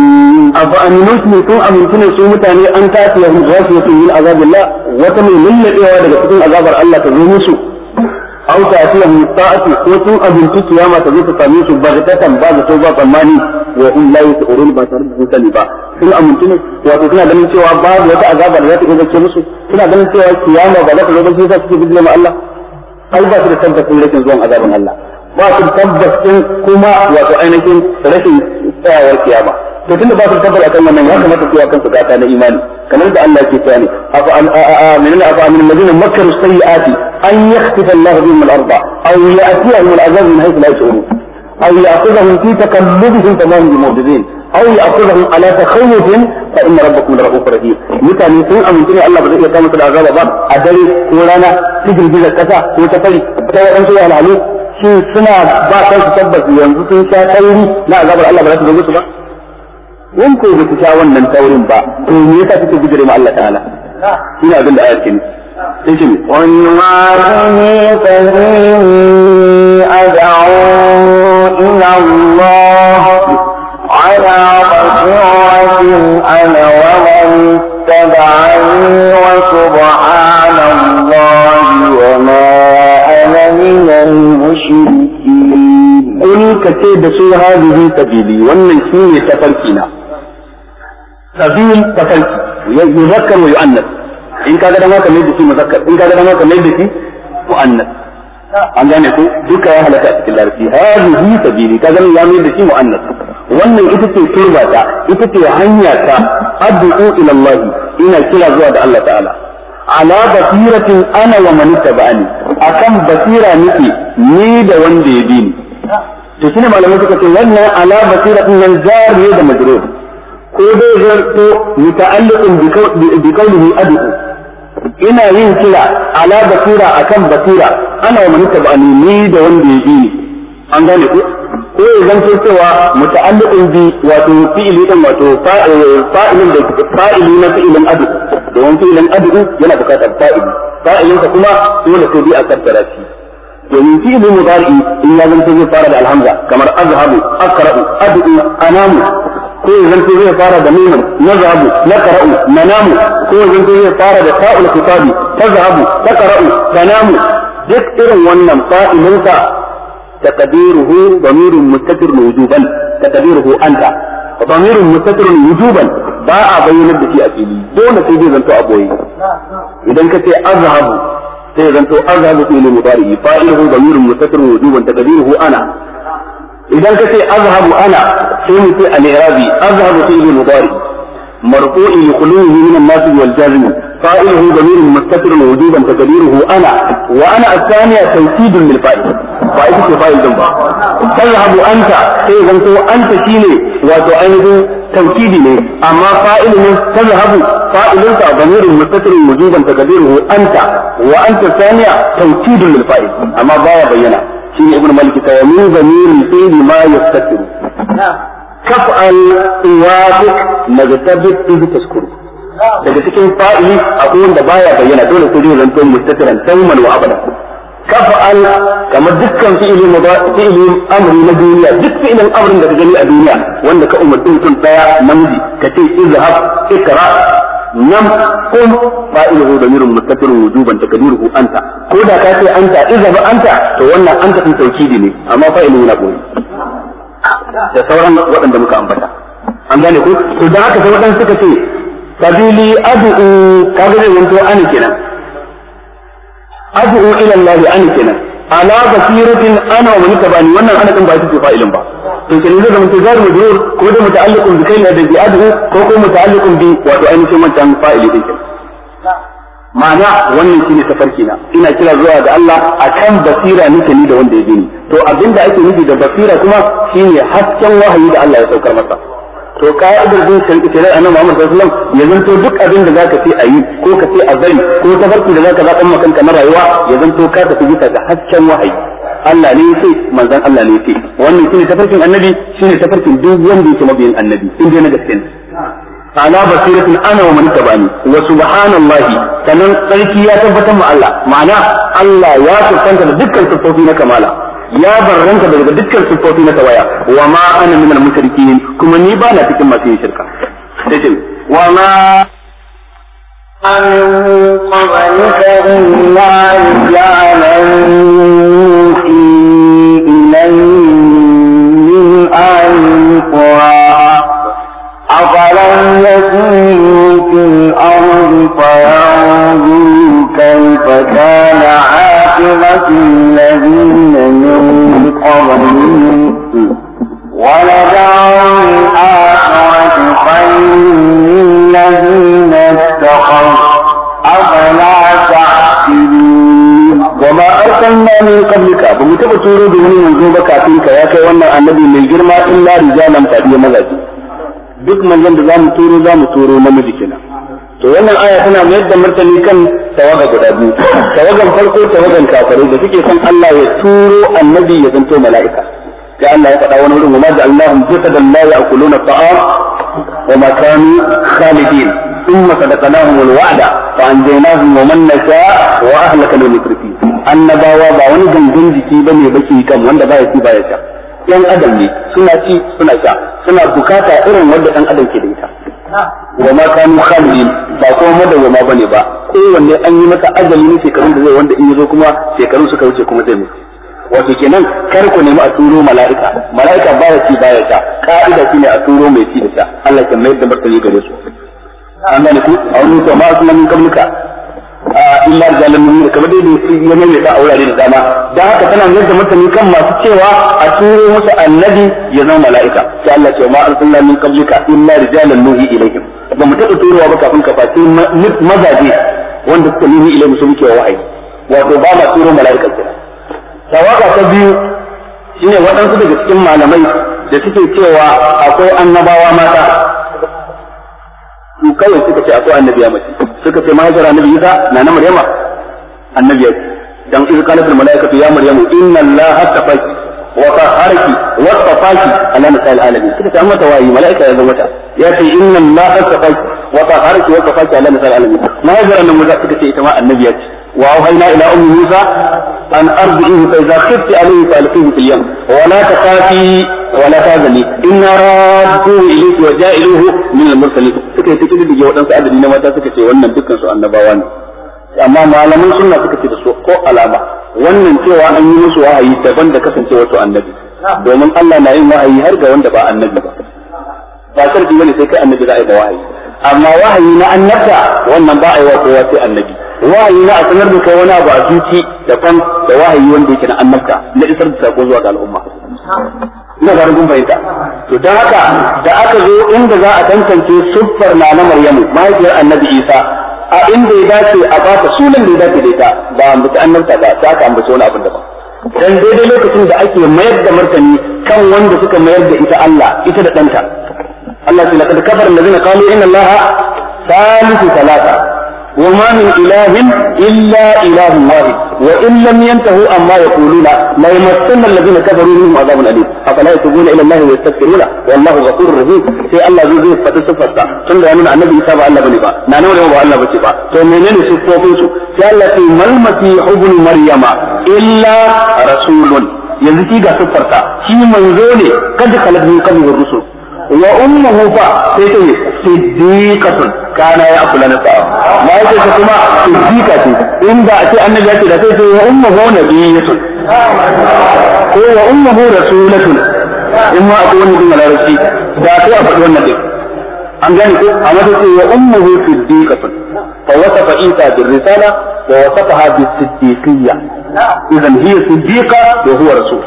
afa aminutum kun amintu ne su mutane an tasiyahum ghafiyatun min azabillah wata mai lullabewa daga cikin azabar Allah ta zo musu aw tasiyahum sa'atu ko sun amintu kiyama ta zo ta same su baghtatan ba zato ba tsammani wa in la yashurun ba tare da sani ba sun amintu ne wato suna ganin cewa babu wata azabar za ta iya zake musu suna ganin cewa kiyama ba za ta zo ba sai suke ma Allah ai ba su da tabbacin rashin zuwan azabin Allah ba su tabbacin kuma wato ainihin rashin tsayawar kiyama to tunda ba su tabbata akan wannan ya kamata su akan su gata na imani kamar da Allah ke cewa ne afa an a min afa min alladhina makkaru sayyiati an yakhsifa Allah bihim al-ardh aw ya'tiyahum al-azab min haythu la yash'urun aw ya'khudhahum fi takallubihim fa ma hum bimu'jizin aw ya'khudhahum ala takhawufin fa inna rabbakum la-ra'ufur rahim mutane sun amince Allah ba zai iya kama su da azaba ba a dare ko rana cikin bizar kasa ko ta fari ta wadansu alhalu shin suna ba kansu tabbas yanzu sun sha tsauri na azabar Allah ba za su zo musu ba in ko ba ku sha wannan taurin ba to me yasa kuke bijire ma Allah ta'ala ina abin da ayar ke sai ce wani ma ne tani ad'u ila Allah ala basiratin ana wa man tabi'ani wa subhanallahi wa ma ana min al-mushrikin in ka ce da su hadihi sabili wannan shine tafarkina sabil tafarki yuzakkar wa yu'annas in kaga dan haka mai da shi muzakkar in kaga dan haka mai da shi mu'annas an gane ko duka ya halaka a cikin larabci hadhihi sabili kaga ya mai da shi mu'annas wannan ita ce turba ta ita ce hanya ta addu'u ila Allah ina kira zuwa da Allah ta'ala ala basiratin ana wa man tabani akan basira nake ni da wanda ya bi ni to shine malamai suka ce wannan ala basiratin nan jariye da majrur ko zai zarto muta'alliqun bi qawlihi ad'u ina yin kira ala basira akan basira ana wa man tabani ni da wanda ya bi an gane ku ko ya zanto cewa muta'alliqun bi wato fi'ili din wato fa'ilin da fa'ili na fi'ilin ad'u domin fi'ilin ad'u yana bukatar fa'ili fa'ilin ka kuma dole sai bi a kaddara shi domin fi'ilin mudari in ya zanto zai fara da alhamza kamar azhabu akra'u ad'u anamu ko ya zanto zai fara da mimin na zahabu na qara'u manamu ko ya zanto zai fara da ta'ul kitabi ta zahabu ta qara'u manamu duk irin wannan ka taqdiruhu damirun mustatir wujuban taqdiruhu anta damirun mustatir wujuban ba a bayyana da shi a fili dole sai zai zanto a boye idan ka ce azhabu sai zanto azhabu fi'il mudari fa'iluhu damirun mustatir wujuban taqdiruhu ana idan ka ce azhabu ana sai mu ce al-i'rabi azhabu fi'l mudari marfu'i yukhluhu min an-nas wal jazm fa'iluhu dhamir mustatir wujudan taqdiruhu ana wa ana ath-thaniya tawkidun lil fa'il ba ita ce fa'il din ba tazhabu anta sai zanto anta shine wato ainihin tawkidi ne amma fa'il ne tazhabu fa'ilun ka dhamir mustatir wujudan taqdiruhu anta wa anta thaniya tawkidun lil fa'il amma ba ya bayyana شيء ابن مالك ومن ضمير الفيل ما يفتكر كفعل إياك نجتبت فيه تذكر daga cikin fa'i akwai wanda baya bayyana dole sai dai zanto mustatiran tayman wa abada kafa'al kamar dukkan fi'ili fi'ili amri na duniya duk fi'ilin amrin da ka gani a duniya wanda ka umarci mutum daya namiji ka ce izhab ikra nam kum da damirun mustatirun wujuban takdiruhu anta ko da ka ce anta idza ba anta to wannan anta din tawkidi ne amma fa'ilu na koyi da sauran waɗanda muka ambata an gane ku to da haka sai waɗanda suka ce sabili ad'u kaga zai wanto ana kenan ad'u ila Allah ana kenan ala basiratin ana wa man bani wannan ana din ba shi ce fa'ilin ba to kin zai zama jar majrur ko da muta'alliqun bi kaina da bi ko ko muta'alliqun bi wato ainihin wancan fa'ili din kin ma'ana wannan shi ne na ina kira zuwa ga Allah akan basira nake ni da wanda ya bi to abinda ake nufi da basira kuma shine hasken wahayi da Allah ya saukar masa to ka'idar bin shari'a annabi Muhammad sallallahu alaihi wasallam ya zanto duk abin da zaka ce ayi ko ka ce a bari ko tafarki da za ka zaɓa maka kanka na rayuwa ya zanto ka tafi bisa ga hasken wahayi Allah ne ce manzan Allah ne ce, wannan shine tafarkin annabi shine tafarkin duk wanda yake mabiyin annabi in dai na gaskiya ala basiratin ana wa man tabani wa subhanallahi sanan sarki ya tabbatar ma Allah ma'ana Allah ya tantance da dukkan siffofi na kamala ya barranta daga dukkan sifofi na tawaya wa ma ana minal mushrikin kuma ni ba na cikin masu yin shirka sai wa ma من عاقبة الذين من قبلهم ولدار الآخرة خير للذين اتقوا أفلا تعقلون وما أرسلنا من قبلك بمتبتور دون منذوبك فيك يا كيوانا النبي من جرما إلا رجالا فأبي مذاجي duk manzon da za mu turo za mu turo namiji kenan to wannan aya tana mayar da martani kan tawaga guda biyu tawagan farko tawagan kafirai da suke son Allah ya turo annabi ya zanto mala'ika Ya Allah ya faɗa wani wurin wa ma ja'alnahum jasadan la ya'kuluna ta'am wa ma kanu khalidin ثم صدقناهم الوعد فأنجيناهم ومن نشاء وأهلكنا المشركين annabawa ba wani gangan jiki ba ne baki kan wanda ba ya ci ba ya sha yan adam ne suna ci suna sha suna bukata irin wanda ɗan adam ke da ita wa ma kanu khalidin ba ko madawama bane ba kowanne an yi maka ajali ne shekarun da zai wanda in yazo kuma shekarun suka wuce kuma zai mutu wato kenan kar ku nemi a turo mala'ika mala'ika ba baya ci baya ta ka'ida shine a turo mai ci da ta Allah ya mai da martani gare su an gane ku a wani to ma kamuka illa rijalan da kamar dai da ya mai da aurare da dama dan haka tana mayar da mutane kan masu cewa a turo musu annabi ya zama mala'ika sai Allah ce ma arsalna min qablika illa rijalan nuhi ilaihim ba mu taɓa turowa ba kafin ka face mazaje wanda suka nuhi ilai su muke wa'ayi wato ba ma turo mala'ika kenan tawaka ta biyu shine waɗansu daga cikin malamai da suke cewa akwai annabawa mata su kawai suka ce akwai annabiya mace suka ce mahaifiyar annabi isa na na maryama annabi dan idan kana al malaikatu ya maryamu inna allaha tafaki wa taharaki wa tafaki ala nisa'il alamin suka ce an mata wayi malaika ya zama ta ya ce inna allaha tafaki wa taharaki wa tafaki ala nisa'il alamin mahaifiyar annabi da suka ce ita ma annabi ce wa auhayna ila ummi musa an ardihi fa idza khifti alayhi fa alqihi fil yam wa la taqafi wala tazali inna radduhu ilayka wa ja'iluhu min al-mursalin suka yi cikin dige waɗansu adadi na mata suka ce wannan dukkan su annabawa ne amma malaman sunna suka ce da su ko alama wannan cewa an yi musu wahayi daban da kasance wato annabi domin Allah na yin wahayi har ga wanda ba annabi ba ba sarki bane sai kai annabi za a yi wahayi amma wahayi na annabta wannan ba a kowa sai annabi wahayi na a sanar da kai wani abu a da wahayi wanda yake na annabta na isar da sako zuwa ga al'umma ina ba rugun to da haka da aka zo inda za a tantance siffar na na maryamu mahaifiyar annabi isa a inda ya dace a ba ta sunan da ya dace da ita ba ambaci annabta ba ta ka ambaci wani abin ba dan daidai lokacin da ake mayar da martani kan wanda suka mayar da ita Allah ita da danta. Allah ce laqad kafara allazina qalu inna allaha thalithu thalatha وما من إله إلا إله واحد وإن لم ينتهوا عما يقولون ليمسن الذين كفروا منهم عذاب أليم أفلا يتوبون إلى الله ويستغفرون والله غفور رحيم sai Allah zai zai fata sifarsa tun da ya nuna annabi Isa ba Allah bane ba na nawa ba Allah bace ba to menene sifofin su sai Allah ce mal masihu ibn maryama illa rasulun yanzu ki ga sifarsa shi manzo ne kada kalabi kabi rusul wa ummuhu fa sai ta kana ya akula na sa'a ma yake ta kuma siddiqa ce in da ce annabi ya ce da sai wa ummuhu nabiyyun ko wa ummuhu rasulatun in ma akwai wani bin larabci da sai a faɗi wannan din an gane ko amma ta ce wa ummuhu siddiqatun fa wasafa isa bil risala wa wasafaha bis siddiqiyya idan hiya siddiqa wa huwa rasul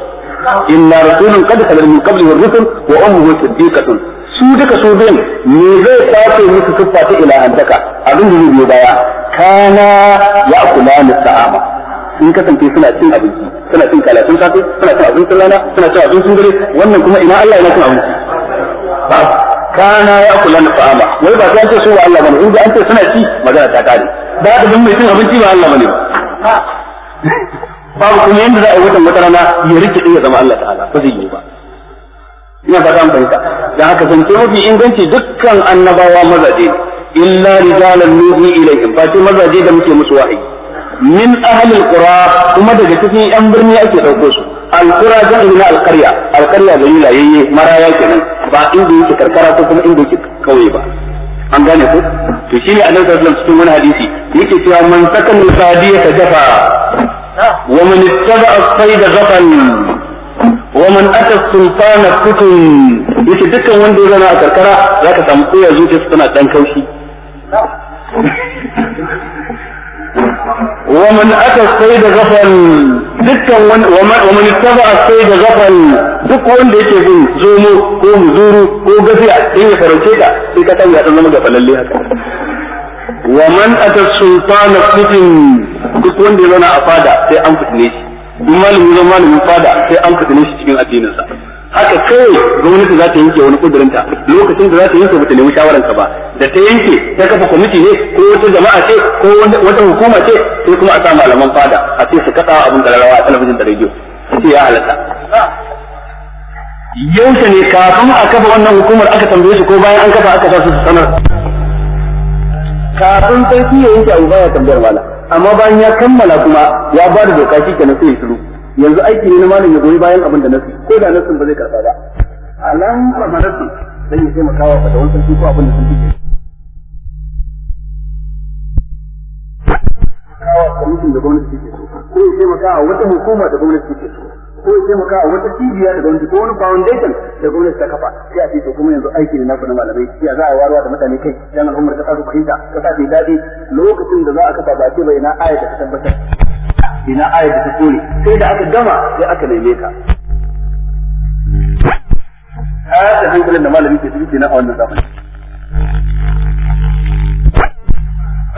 إن رسول قد خلت من قبله الرسل وأمه صديقة su duka su bin me zai kwace musu siffa ta ilahantaka abin da yake biyo baya kana ya kula ni sa'ama sun kasance suna cin abinci suna cin kalatun safe suna cin abincin rana suna cin abincin dare wannan kuma ina Allah yana cin abinci kana ya kula ni sa'ama wai ba sai an ce su ba Allah bane in ga an ce suna ci magana ta kare ba da ban mai cin abinci ba Allah bane ba ba kuma yanda za a yi watan wata rana ya rike ya zama Allah ta'ala ba zai yi ba ina fata an fahimta dan haka zance mafi inganci dukkan annabawa mazaje illa rijalan nuhi ilaihim ba ce mazaje da muke musu wahayi min ahlil qura kuma daga cikin yan birni ake dauko su al alqura da ina alqarya alqarya da ni layayye maraya kenan ba inda yake karkara ko kuma inda yake kauye ba an gane ku. to shine annabi sallallahu alaihi cikin wani hadisi yake cewa man sakan sadiya ta jafa wa man ittaba as-sayda zafan wa man ata sultana kutun yace dukkan wanda ya zama a karkara zaka samu kaushi ومن أتى الصيد غفل دكا ومن اتبع غفل duk wanda yake bin zomo ko muzuru ko gafiya in ya farauce ka sai ka tanga ta zama gafalalle haka wa man ata sultana fitin duk wanda ya a fada sai an fitne shi duk malami zan malamin fada sai an ne shi cikin addininsa haka kai gwamnati za ta yanke wani kudurinta lokacin da za ta yanke bata nemi shawararka ba da ta yanke ta kafa kwamiti ne ko wata jama'a ce ko wata hukuma ce sai kuma a sa malaman fada a ce su kasa abin da rawa a talabijin da rediyo sai ya halatta yaushe ne kafin a kafa wannan hukumar aka tambaye su ko bayan an kafa aka sa su sanar kafin sai ya yanke abu ya tambayar malam amma bayan ya kammala kuma ya ba da doka shi kenan sai ya shiru yanzu aiki ne na malam ya goyi bayan abin da nasu ko da nasu ba zai karba ba nan ba nasu zai yi taimaka wa da wancan sarki ko abin da sun fice kawo kwamitin da gwamnati ke so ko ya taimaka wa wata hukuma da gwamnati ke so ko ya taimaka a wata cibiya da gwamnati ko wani foundation da gwamnati ta kafa sai a ce to kuma yanzu aiki ne na kuna malamai sai za a warwa da mutane kai dan al'ummar ta kasu fahimta ka ta yi daɗi lokacin da za a kafa ba ce ba ina aya ta tabbatar ina aya ta kore sai da aka gama sai aka neme ka a da hankalin da malami ke ciki na a wannan zamani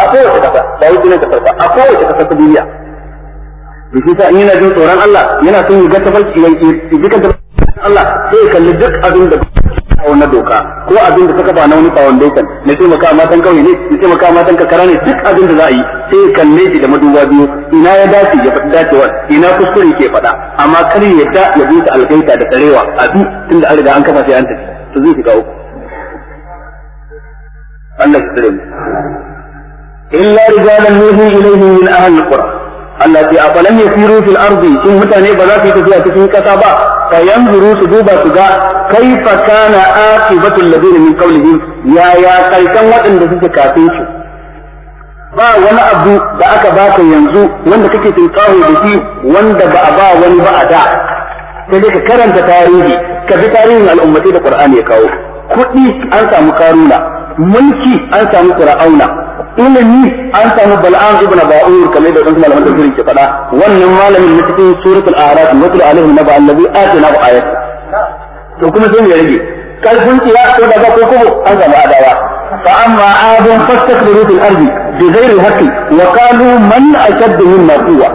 a kowace kasa ba wuce ne kasar ba a kowace kasar ta duniya da shi sa in yana jin tsoron Allah yana son ya ga tafarki ya ji kan tafarkin Allah sai kalli duk abin da ba na doka ko abin da suka ba na wani tsawon foundation na ce maka matan kawai ne na ce maka matan kakara ne duk abin da za a yi sai ya kalle shi da maduba biyu ina ya dace ya faɗi dacewa ina kuskure ke faɗa amma kar ya da ya bi ta alkaita da tsarewa a duk tunda an riga an kafa sai an tafi to zai shiga uku Allah ya tsare mu illa rijalan yuhi ilayhi min ahli alqura Allah ce a yasiru fil ardi in mutane ba za su yi tafiya cikin kasa ba fa yanzuru su duba su ga kaifa kana aqibatu alladhina min qawlihim ya ya waɗanda suke kafin su ba wani abu da aka baka yanzu wanda kake tinkaho da shi wanda ba a ba wani ba a da sai dai ka karanta tarihi ka bi tarihin al'ummatai da Qur'ani ya kawo kuɗi an samu karuna mulki an samu fir'auna ilimi an samu bal'an ibn ba'ur kamar da wadansu malaman tafsirin ke faɗa wannan malamin ne cikin suratul a'raf mutul alaihim naba allazi atina ba ayat to kuma sai ya rage kalbun tiya ko da ba ko ko an samu adawa fa amma adun fastakbiru fil ardi bi ghairi haqqi wa qalu man ashaddu minna quwwa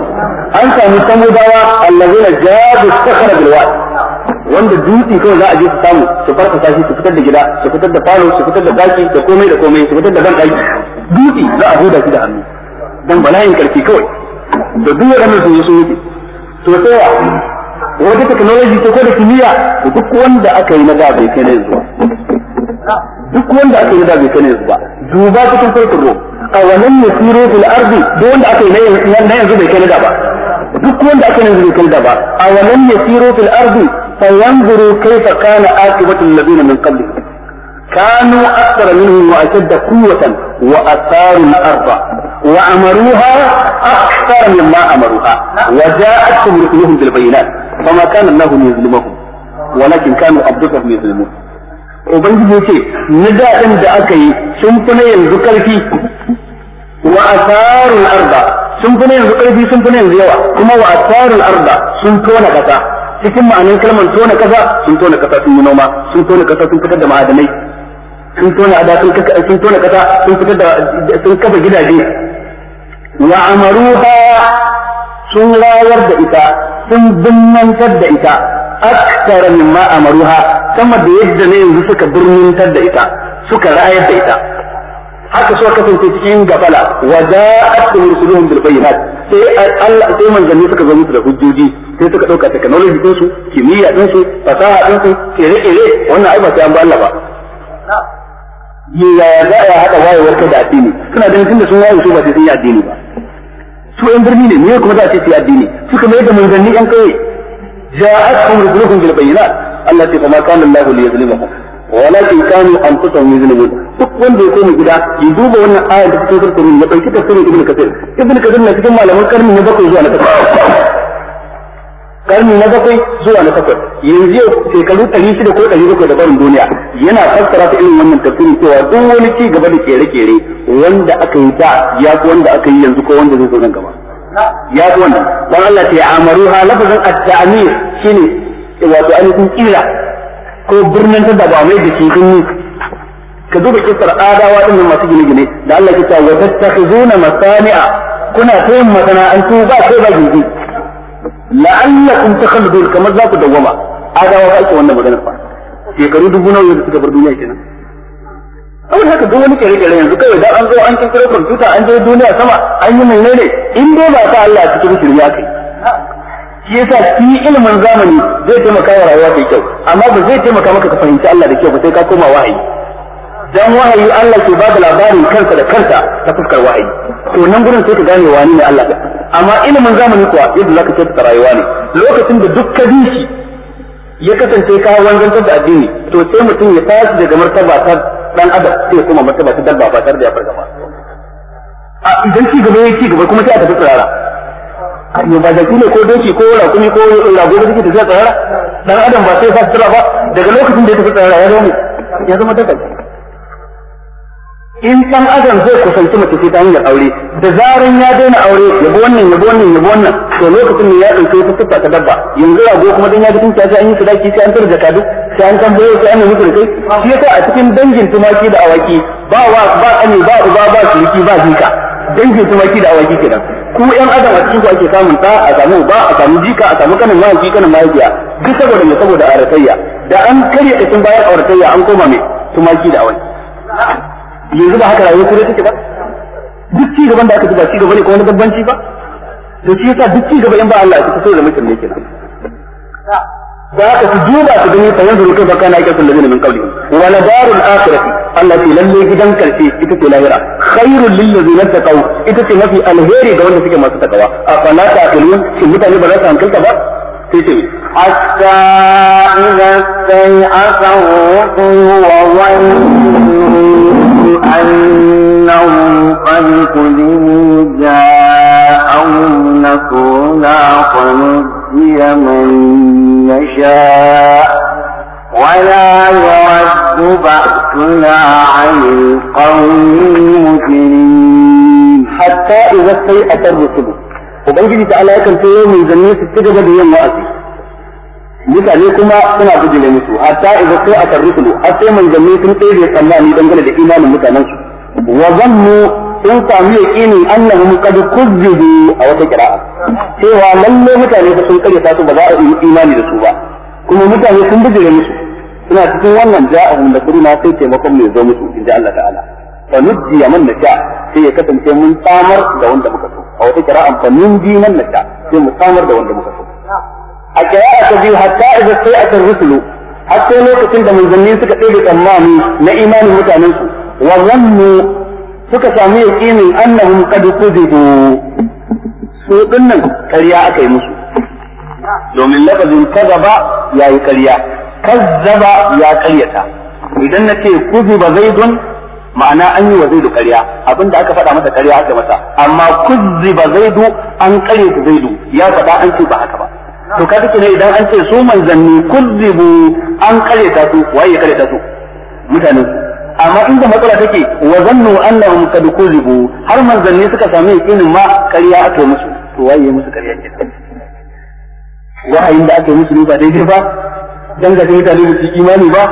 an samu samudawa allazina jadu sakhara bil wadi wanda dutse kawai za a je su samu su farfasa shi su fitar da gida su fitar da falo su fitar da daki da komai da komai su fitar da ban daki dutse za a huda shi da hannu dan bala'in karfi kawai da duk waɗannan sun yi sun wuce to sai wata technology ko da kimiyya duk wanda aka yi na da bai kai na yanzu duk wanda aka yi na da bai kai na yanzu ba duba cikin farkon rom a wannan yasiru fil ardi duk wanda aka yi na yanzu bai kai na da ba duk wanda aka yi na yanzu bai kai na da ba a wannan yasiru fil ardi fayanzuru kaifa kana akibatu alladhina min qablihim كانوا أكثر منهم وأشد قوة وأثاروا الأرض وأمروها أكثر مما أمروها وجاءتهم رسلهم بالبينات فما كان الله ليظلمهم ولكن كانوا أنفسهم يظلمون ubangiji ce nida'in da aka yi sun fi yanzu ƙarfi wa asarul arda sun fi yanzu ƙarfi sun fi yanzu yawa kuma wa asarul arda sun tona ƙasa cikin ma'anin kalmar tona kasa sun tona kasa sun yi noma sun tona kasa sun fitar da ma'adanai sun tona ada sun sun tona kasa sun fitar da sun kafa gidaje wa amaruha sun rawar da ita sun binnantar da ita akthara mimma amaruha kamar da yadda ne yanzu suka birnintar da ita suka rayar da ita haka suka kasance cikin gabala wa da'at rusuluhum bil bayyinat sai Allah sai manzanni suka zo musu da hujjoji sai suka dauka technology din su kimiyya din su fasaha din su kire-kire wannan ai ba sai an ba Allah ba ya yaya za a haɗa wayewar kai da addini suna ganin tunda sun waye su ba sai sun yi addini ba su yan birni ne me kuma za a ce su addini suka mai da manzanni yan kauye ja'atkum rusulukum bil bayyinat Allah ta fama kana Allah li yuzlimakum walakin kanu anfusahum yuzlimun duk wanda ya koma gida ya duba wannan ayar da ta tsarkare ya dauki tafsirin ibnu kasir ibnu kasir na cikin malaman karni na bakwai zuwa na takwas karni na bakwai zuwa na takwas yanzu yau shekaru ɗari shida ko ɗari bakwai da barin duniya yana fassara ta irin wannan tafsirin cewa duk wani ci gaba da kere-kere wanda aka yi da ya fi wanda aka yi yanzu ko wanda zai zo nan gaba ya fi wanda. wani Allah ta amaru ha lafazin at shi shine wato ainihin kila ko birnin ta da ba mai da shi dinni ka duba kisar adawa ɗin nan masu gine-gine da Allah ya ce wa tattakhizuna masani'a kuna ta yin masana'antu ba ko ba gine la'allakum takhalludun kamar za ku dawwama adawa ba ake wannan maganar fa shekaru dubu nawa da suka bar duniya kenan wani haka duk wani kare kare yanzu kawai da an zo an kira kwamfuta an je duniya sama an yi menene in dai ba ta Allah cikin ya kai shi yasa shi ilimin zamani zai taimaka wa rayuwa kai kyau amma ba zai taimaka maka ka fahimci Allah da kyau ba sai ka koma wahayi dan wahayi Allah ke ba da labarin kansa da kansa ta fuskar wahayi to nan gurin sai ka gane wani ne Allah amma ilimin zamani kuwa yadda zaka kyautata rayuwa ne lokacin da duk ka shi ya kasance ka wanzantar da addini to sai mutum ya tashi daga martaba ta dan adam sai kuma martaba ta dabba ba tare da ya farga ba a idan ci gaba ya ci gaba kuma sai a tafi tsirara a yi ba zaki ne ko doki ko rakumi ko rago da take da zai tsirara dan adam ba sai ya tsirara ba daga lokacin da ya tafi tsirara ya zama ya zama dagal in ɗan adam zai kusanci mace sai ta hanyar aure da zaran ya daina aure ya bi wannan ya bi wannan ya bi wannan to lokacin ne ya ɗauke ta tuffa ta dabba yanzu rago kuma dan ya bi tunta sai an yi sadaki sai an tura jakadu sai an tambaye sai an nemi kai shi yasa a cikin dangin tumaki da awaki ba wa ba kane ba uba ba sulki ba jika dangin tumaki da awaki kenan ku yan adam a cikin ku ake samun ɗa a samu ba a samu jika a samu kanin mahaifi kanin mahaifiya duk saboda ne saboda aratayya, da an karya kashin bayan auratayya an koma mai tumaki da awaki yanzu ba haka rayuwar turai take ba duk ci gaban da aka ji ci gaba ne ko wani babbanci ba to shi yasa duk ci gaba in ba Allah ya fito da mutum ne kenan da aka su duba su gani fa yanzu kai baka na yake sun lazina min kauli wa la darul akhirati Allah ce lalle gidan karfi ita ce lahira khairul lil ladina taqaw ita ce mafi alheri ga wanda suke masu takawa a fa la ta'qilun shin mutane ba za su hankalta ba sai ce حتى إذا استيأس الرسل وظنوا أنهم قد كذبوا جاءهم نصرنا فنجي من نشاء ولا يرد بأسنا عن القوم المسلمين حتى إذا استيأس الرسل وبنجي تعالى كان في يوم الجنة استجب بيوم وأتي mutane kuma suna bijile musu hatta idan sai aka rusulu har sai manzanni sun tsaye tsammani dangane da imanin mutanen su wa zannu sun sami yaqini annahum qad kuzzibu a wata qira'a cewa lalle mutane fa sun kare su ba za a yi imani da su ba kuma mutane sun bijile musu suna cikin wannan ja'ahum da kuma sai taimakon mai zo musu inda Allah ta'ala fa nujiya man nasha sai ya kasance mun samar da wanda muka so a wata qira'a fa nunji man nasha sai mu samar da wanda muka so a kiyaya ta biyu hatta idza sai ar-rusulu hatta lokacin da manzanni suka tsaye tsammani na imanin mutanen su wa zannu suka samu yaqinin annahum qad kudibu su dinnan kariya aka yi musu domin lafazin kazaba yayi ƙarya kazzaba ya karyata. idan nace kudiba zaidun ma'ana an yi wa zaidu ƙarya abinda aka faɗa masa ƙarya aka masa amma kuzziba zaidu an karyata zaidu ya faɗa an ce ba haka ba to ka take ne idan an ce su manzanni kuzzibu an kare ta su waye kare ta su mutane amma inda matsala take wa zannu annahum kad kuzzibu har manzanni suka samu yakinin ma a to musu to waye musu kariya ne wahayin da ake musu ne ba daidai ba dan ga ta da su imani ba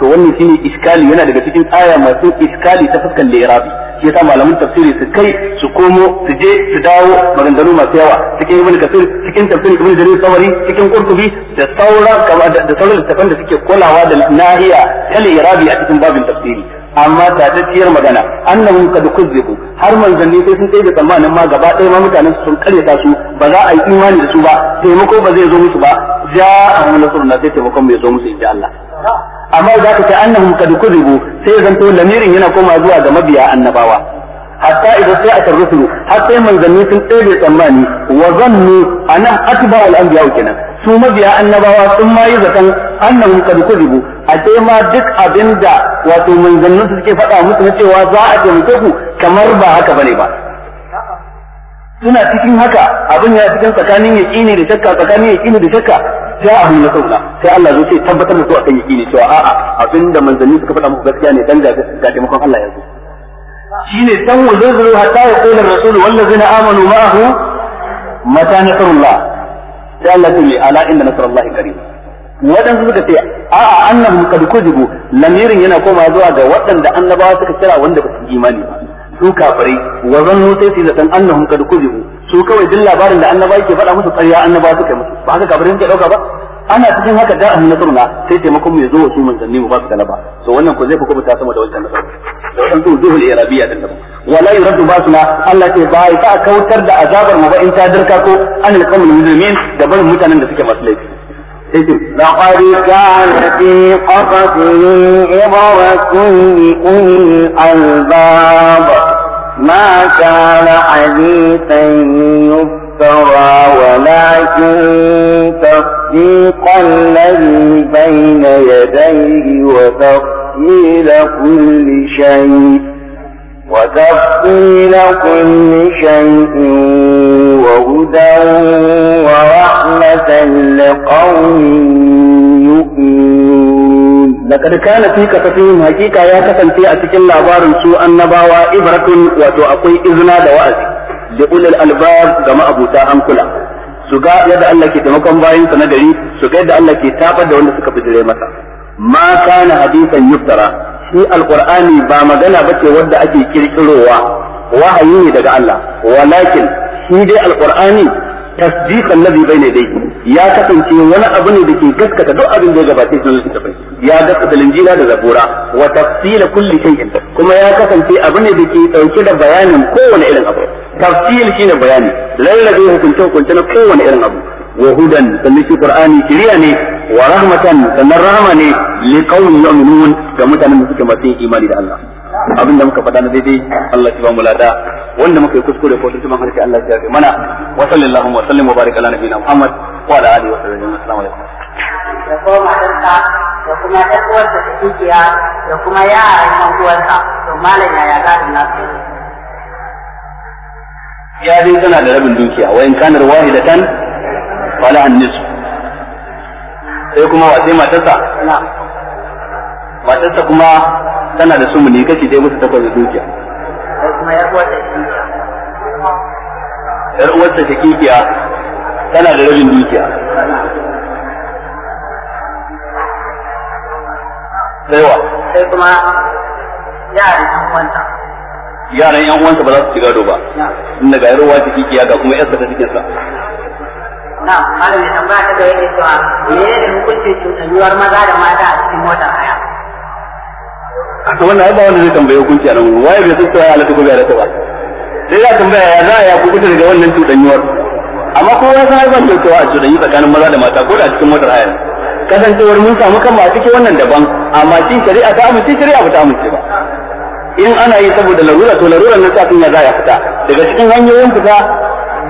to wannan shine iskali yana daga cikin aya masu iskali ta fuskar lirabi yasa malaman tafsiri su kai su komo su je su dawo maganganu masu yawa cikin ibn kasir cikin tafsir ibn jarir sawari cikin qurtubi da sauran da sauran littafan da suke kulawa da nahiya kal irabi a cikin babin tafsiri amma tatacciyar magana annahum kad kuzzibu har manzanni sai sun kai da tsammanin ma gaba ɗaya ma mutanen sun karyata su ba za a yi imani da su ba taimako ba zai zo musu ba ja'ahum nasruna sai taimakon bai zo musu inda Allah amma za ka ta annahum kad kuzibu sai zan to lamirin yana koma zuwa ga mabiya annabawa hatta idan sai aka rusulu har sai manzanni sun tsere tsammani wa zannu anan atba al anbiya kenan su mabiya annabawa sun ma yi zaton annahum kad kuzibu a sai ma duk abinda wato manzannin su suke faɗa musu na cewa za a taimake ku kamar ba haka bane ba suna cikin haka abin ya cikin tsakanin ya kini da shakka tsakanin ya kini da shakka sai a hunna sauna sai Allah zai ce tabbatar da su akan kini cewa a'a abinda manzanni suka faɗa muku gaskiya ne dan ga ga taimakon Allah yanzu shine dan wazuru hatta ya qala rasul wallazina amanu ma'ahu mata nasrullah sai Allah ya ce ala inna nasrullahi qarib waɗansu suka ce a'a annahum qad kujibu lamirin yana komawa zuwa ga waɗanda annabawa suka kira wanda ba su imani ba su kafirai wa zannu sai su zaton annahum kad kuzibu su kawai duk labarin da annaba yake faɗa musu ƙarya annaba suka musu ba haka kafirai suka ɗauka ba ana cikin haka da an nasruna sai taimakon mu ya zo wa su manzanni mu ba su galaba to wannan ko zai fi kuma ta sama da wancan nasara da wannan su zuhul irabiyya din daban wala yuraddu basuna Allah ke ba ya ta kautar da azabar mu ba in ta dirka ko anil qawmi mujrimin da barin mutanen da suke masu laifi لقد كان في قصصهم عبرة لأولي الألباب ما كان حديثا يفترى ولكن تصديق الذي بين يديه وتفصيل كل شيء وتفصيل كل شيء وهدى ورحمة لقوم يؤمنون لقد كان في قصصهم حقيقة يا كسن في أتكلم لابار سوء النباوة إبرة وتعطي إذنا دوائز لأولي الألباب كما أبو تاهم كلا su ga yadda Allah ke taimakon bayan sa na gari su ga yadda Allah ke tabar da wanda shi alqur'ani ba magana bace wanda ake kirkirowa wahayi ne daga Allah walakin shi dai alqur'ani tasdiqan ladhi bayna yadayhi ya kasance wani abu ne da ke gaskata duk abin da ya gabata cikin littafin ya da linjila da zabura wa tafsila kulli shay'in kuma ya kasance abu ne da ke dauke da bayanin kowane irin abu tafsil shine bayani lallabe hukunce hukunce na kowane irin abu wa hudan sannan shi qur'ani kiriya ne wa rahmatan sannan rahama ne li qaumin yu'minun ga mutanen da suke masu imani da Allah abin da muka faɗa na daidai Allah ya ba mu lada wanda muka yi kuskure ko tuntuban harshe Allah ya kai mana wa sallallahu wa sallim wa barik ala nabiyina Muhammad wa ala alihi wa sahbihi assalamu alaikum da kuma matarsa da kuma ɗan uwarsa da dukiya da kuma yaran ɗan uwarsa to malam ya ga da nasu ya dai tana da rabin dukiya wa in kanar wahidatan fala an nisfu sai kuma wace matarsa matarsa kuma tana da sumuni kashi dai musu takwas da dukiya yar uwarsa ta kikiya tana da rabin dukiya wa sai kuma yaran yan uwanta yaran yan uwanta ba za su ci gado ba inda ga yar uwa ta kikiya ga kuma yarsa ta sa na'am malam ya da yake cewa hukunci cutar cuɗanyuwar maza da mata a cikin motar haya to wannan ba wanda zai tambaye hukunci a nan waye bai tsaya a ya gobe ko bai ba sai ya tambaya ya za a ya kuɓuta daga wannan cuɗanyuwar amma ko ya san ai ban cewa a cuɗanyi tsakanin maza da mata ko da a cikin motar haya kasancewar mun samu ba a cikin wannan daban amma shi shari'a ta amince shari'a ba ta amince ba in ana yi saboda larura to larura na sa ya za ya fita daga cikin hanyoyin fita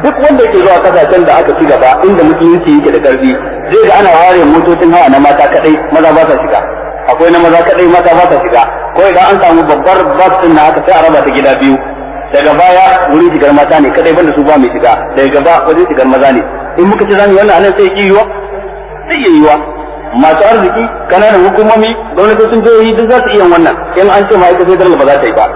duk wanda yake zuwa kasashen da aka ci gaba inda musulunci yake da karfi zai ga ana ware motocin hawa na mata kadai maza ba sa shiga akwai na maza kadai mata ba sa shiga ko idan an samu babbar bus din na aka sai a raba ta gida biyu daga baya wurin shigar mata ne kadai banda su ba mai shiga daga gaba wajen shigar maza ne in muka ci zamu wannan anan sai ya yiwa sai ya yiwa masu arziki kananan hukumomi gwamnatocin jihohi duk za su iya wannan in an ce ma'aikatar ba za ta yi ba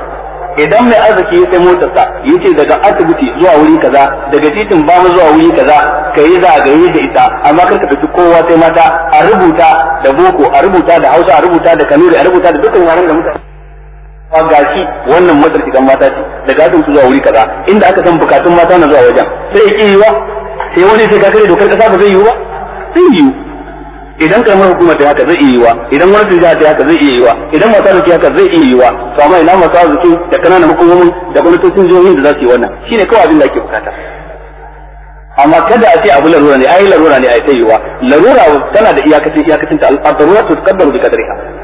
idan mai arziki ya sai motarsa yace daga asibiti zuwa wuri kaza daga titin bamu zuwa wuri kaza kai zagaye da ita amma kar ka tafi kowa sai mata a rubuta da boko a rubuta da Hausa a rubuta da Kanuri a rubuta da dukkan yaren da mutane ga shi wannan motar idan mata ce daga asibitin zuwa wuri kaza inda aka san bukatun mata na zuwa wajen sai ya ki yiwa sai wani sai ka kare dokar kasa ba zai yiwu ba zai yiwu idan karamar hukumar ta haka zai iya yiwa idan wani jihar ta haka zai iya yiwa idan masu arziki haka zai iya yiwa to amma ina masu arziki da kananan hukumomin da gwamnatocin jihohin da za su yi wannan shine kawai abin da ake bukata amma kada a ce abu larura ne ai larura ne ai ta yiwa larura tana da iyakacin iyakacin ta al-darura tuqaddaru bi qadriha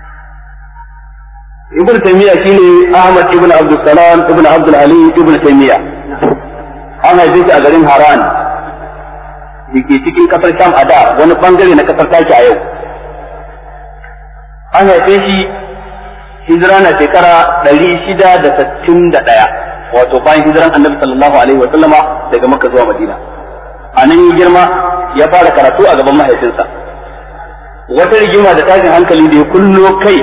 ibn taymiya shine ahmad ibn abdul salam ibn abdul ali ibn taymiya an haife shi a garin haran dake cikin kasar sham a da wani bangare na kasar taki a yau an haife shi hijira na shekara ɗari shida da da sittin ɗaya, wato bayan hijiran annabi sallallahu alaihi wa sallama daga makka zuwa madina a nan ya girma ya fara karatu a gaban mahaifinsa wata rigima da tashin hankali da ya kullo kai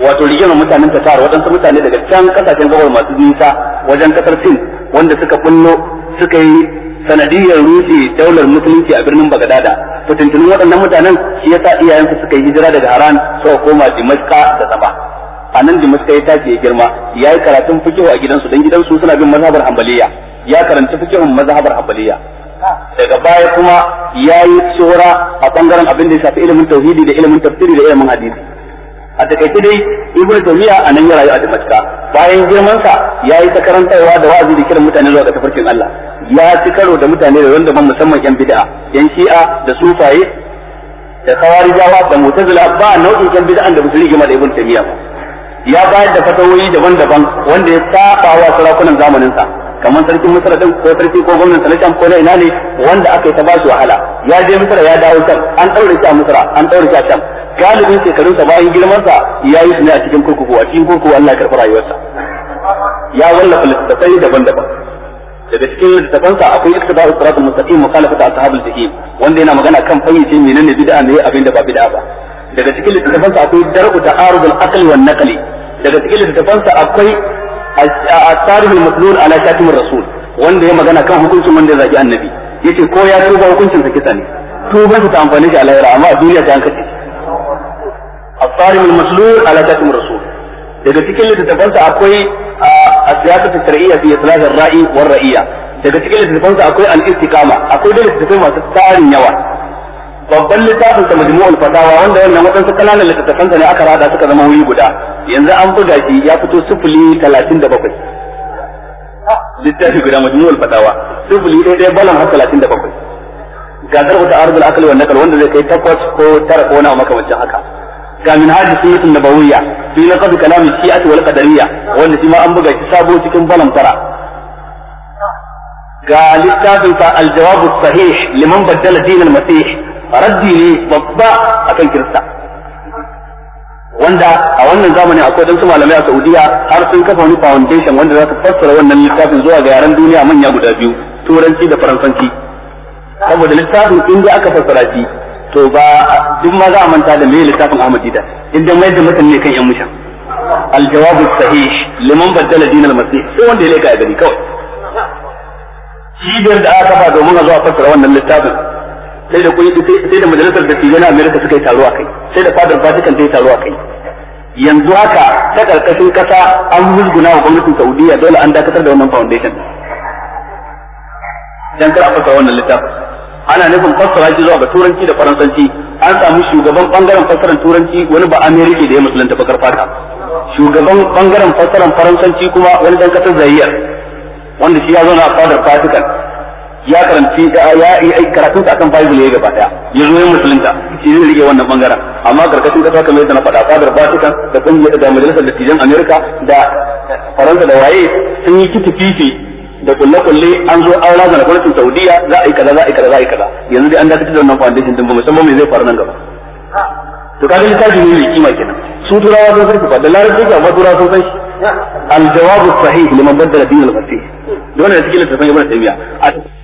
wato rigimar mutanen Tatar waɗansu mutane daga can kasashen gabar masu nisa wajen kasar Sin wanda suka bullo suka yi sanadiyar rushe daular musulunci a birnin bagadada fitintunin waɗannan mutanen shi ya sa iyayensu suka yi hijira daga Haran suka koma Dimashqa da Saba a nan Dimashqa ya tashi ya girma ya yi karatun fikihu a gidansu don gidansu suna bin mazhabar hambaliya ya karanci fikihun mazhabar hambaliya daga baya kuma ya yi tsora a bangaren abin da ya shafi ilimin tauhidi da ilimin tafsiri da ilimin hadisi a takaice dai ibn a nan ya rayu a dimashka bayan girman sa yayi ta karantarwa da wa'azi da kiran mutane zuwa ga tafarkin Allah ya ci karo da mutane da wanda ban musamman yan bid'a yan shi'a da sufaye da khawarijawa da mu'tazila ba nau'in yan bid'an da musulmi game da ibn ya bayar da fatawoyi daban-daban wanda ya saba wa sarakunan zamanin sa kamar sarkin Misra din ko sarki ko gwamnan Salisham ko na ina ne wanda aka yi ta ba shi wahala ya je Misra ya dawo can an daure shi a Misra an daure shi a can galibin shekarun sa bayan girman sa yayi su ne a cikin kurkuku a cikin kurkuku Allah ya karɓi rayuwarsa ya wallafa littattafai daban-daban daga cikin littattafan sa akwai iktida usratul mustaqim mukhalafata ashabul jahim wanda yana magana kan fayyace menene bid'a ne abin da ba bid'a ba daga cikin littattafan sa akwai dar'u ta'arudul aqli wan naqli daga cikin littattafan sa akwai at-tarikh al-maslul ala shatim rasul wanda ya magana kan hukuncin wanda ya zagi annabi yace ko ya tuba hukuncin sa kisa ne tuban ta amfani shi a lahira amma a duniya ta hankace الصارم المسلول على كتم الرسول daga cikin littattafansa akwai a siyasatu shar'iyya fi islahi ra'i war ra'iya. daga cikin littattafansa akwai al-istiqama akwai da littattafai masu tsarin yawa babban littafin sa majmu'ul fatawa wanda wannan wadansu kananan littattafansa ne aka rada suka zama wuri guda yanzu an buga shi ya fito sifili talatin da bakwai littafi guda majmu'ul fatawa sifili ɗaya ɗaya balan har talatin da bakwai gadar wata arzul akali wa nakal wanda zai kai takwas ko tara ko wani makamancin haka kamin hajji sunnatin nabawiyya fi laqad kalam shi'ati wal qadariyya wanda shi ma an buga shi sabo cikin balantara ga littafin sa al sahih liman baddala din al masih raddi ne babba akan kirista wanda a wannan zamani akwai dan malamai a Saudiya har sun kafa wani foundation wanda za su fassara wannan littafin zuwa ga yaran duniya manya guda biyu turanci da faransanci saboda littafin in aka fassara shi to ba duk ma za a manta da mai littafin Ahmad Dida in dan mai da mutane kan yan mushan al-jawab sahih liman baddala din al-masih sai wanda ya leka ya gani kawai cibiyar da aka kafa domin a zo a fassara wannan littafin sai da kuyi sai da majalisar da na America suka yi taro a kai sai da fadar Vatican ta yi taro a kai yanzu haka ta karkashin kasa an musguna wa gwamnatin Saudiya dole an dakatar da wannan foundation dan kar a fassara wannan littafin ana nufin fassara shi zuwa ga turanci da faransanci an samu shugaban bangaren fassarar turanci wani ba amerika da ya musulunta bakar fata shugaban bangaren fassarar faransanci kuma wani dan kasar zayyar wanda shi ya zauna a fadar fatikan ya karanci ya yi karatun akan bible ya gaba daya ya zo ya musulunta shi ne rike wannan bangaren amma karkashin kasa kamar yadda na faɗa fadar fatikan da kungiyar da majalisar dattijan amerika da faransa da waye sun yi kitififi da kulle-kulle an zo an razana gwamnatin Saudiya za a yi kaza za a yi kaza za a yi kaza yanzu dai an da kace wannan foundation din ba musamman me zai faru nan gaba to kaga littafi ne kima kenan su turawa sun san ba da larabci ga ba turawa sun sai al-jawabu sahih liman baddala din al-fasih dole ne cikin littafin ibn taymiya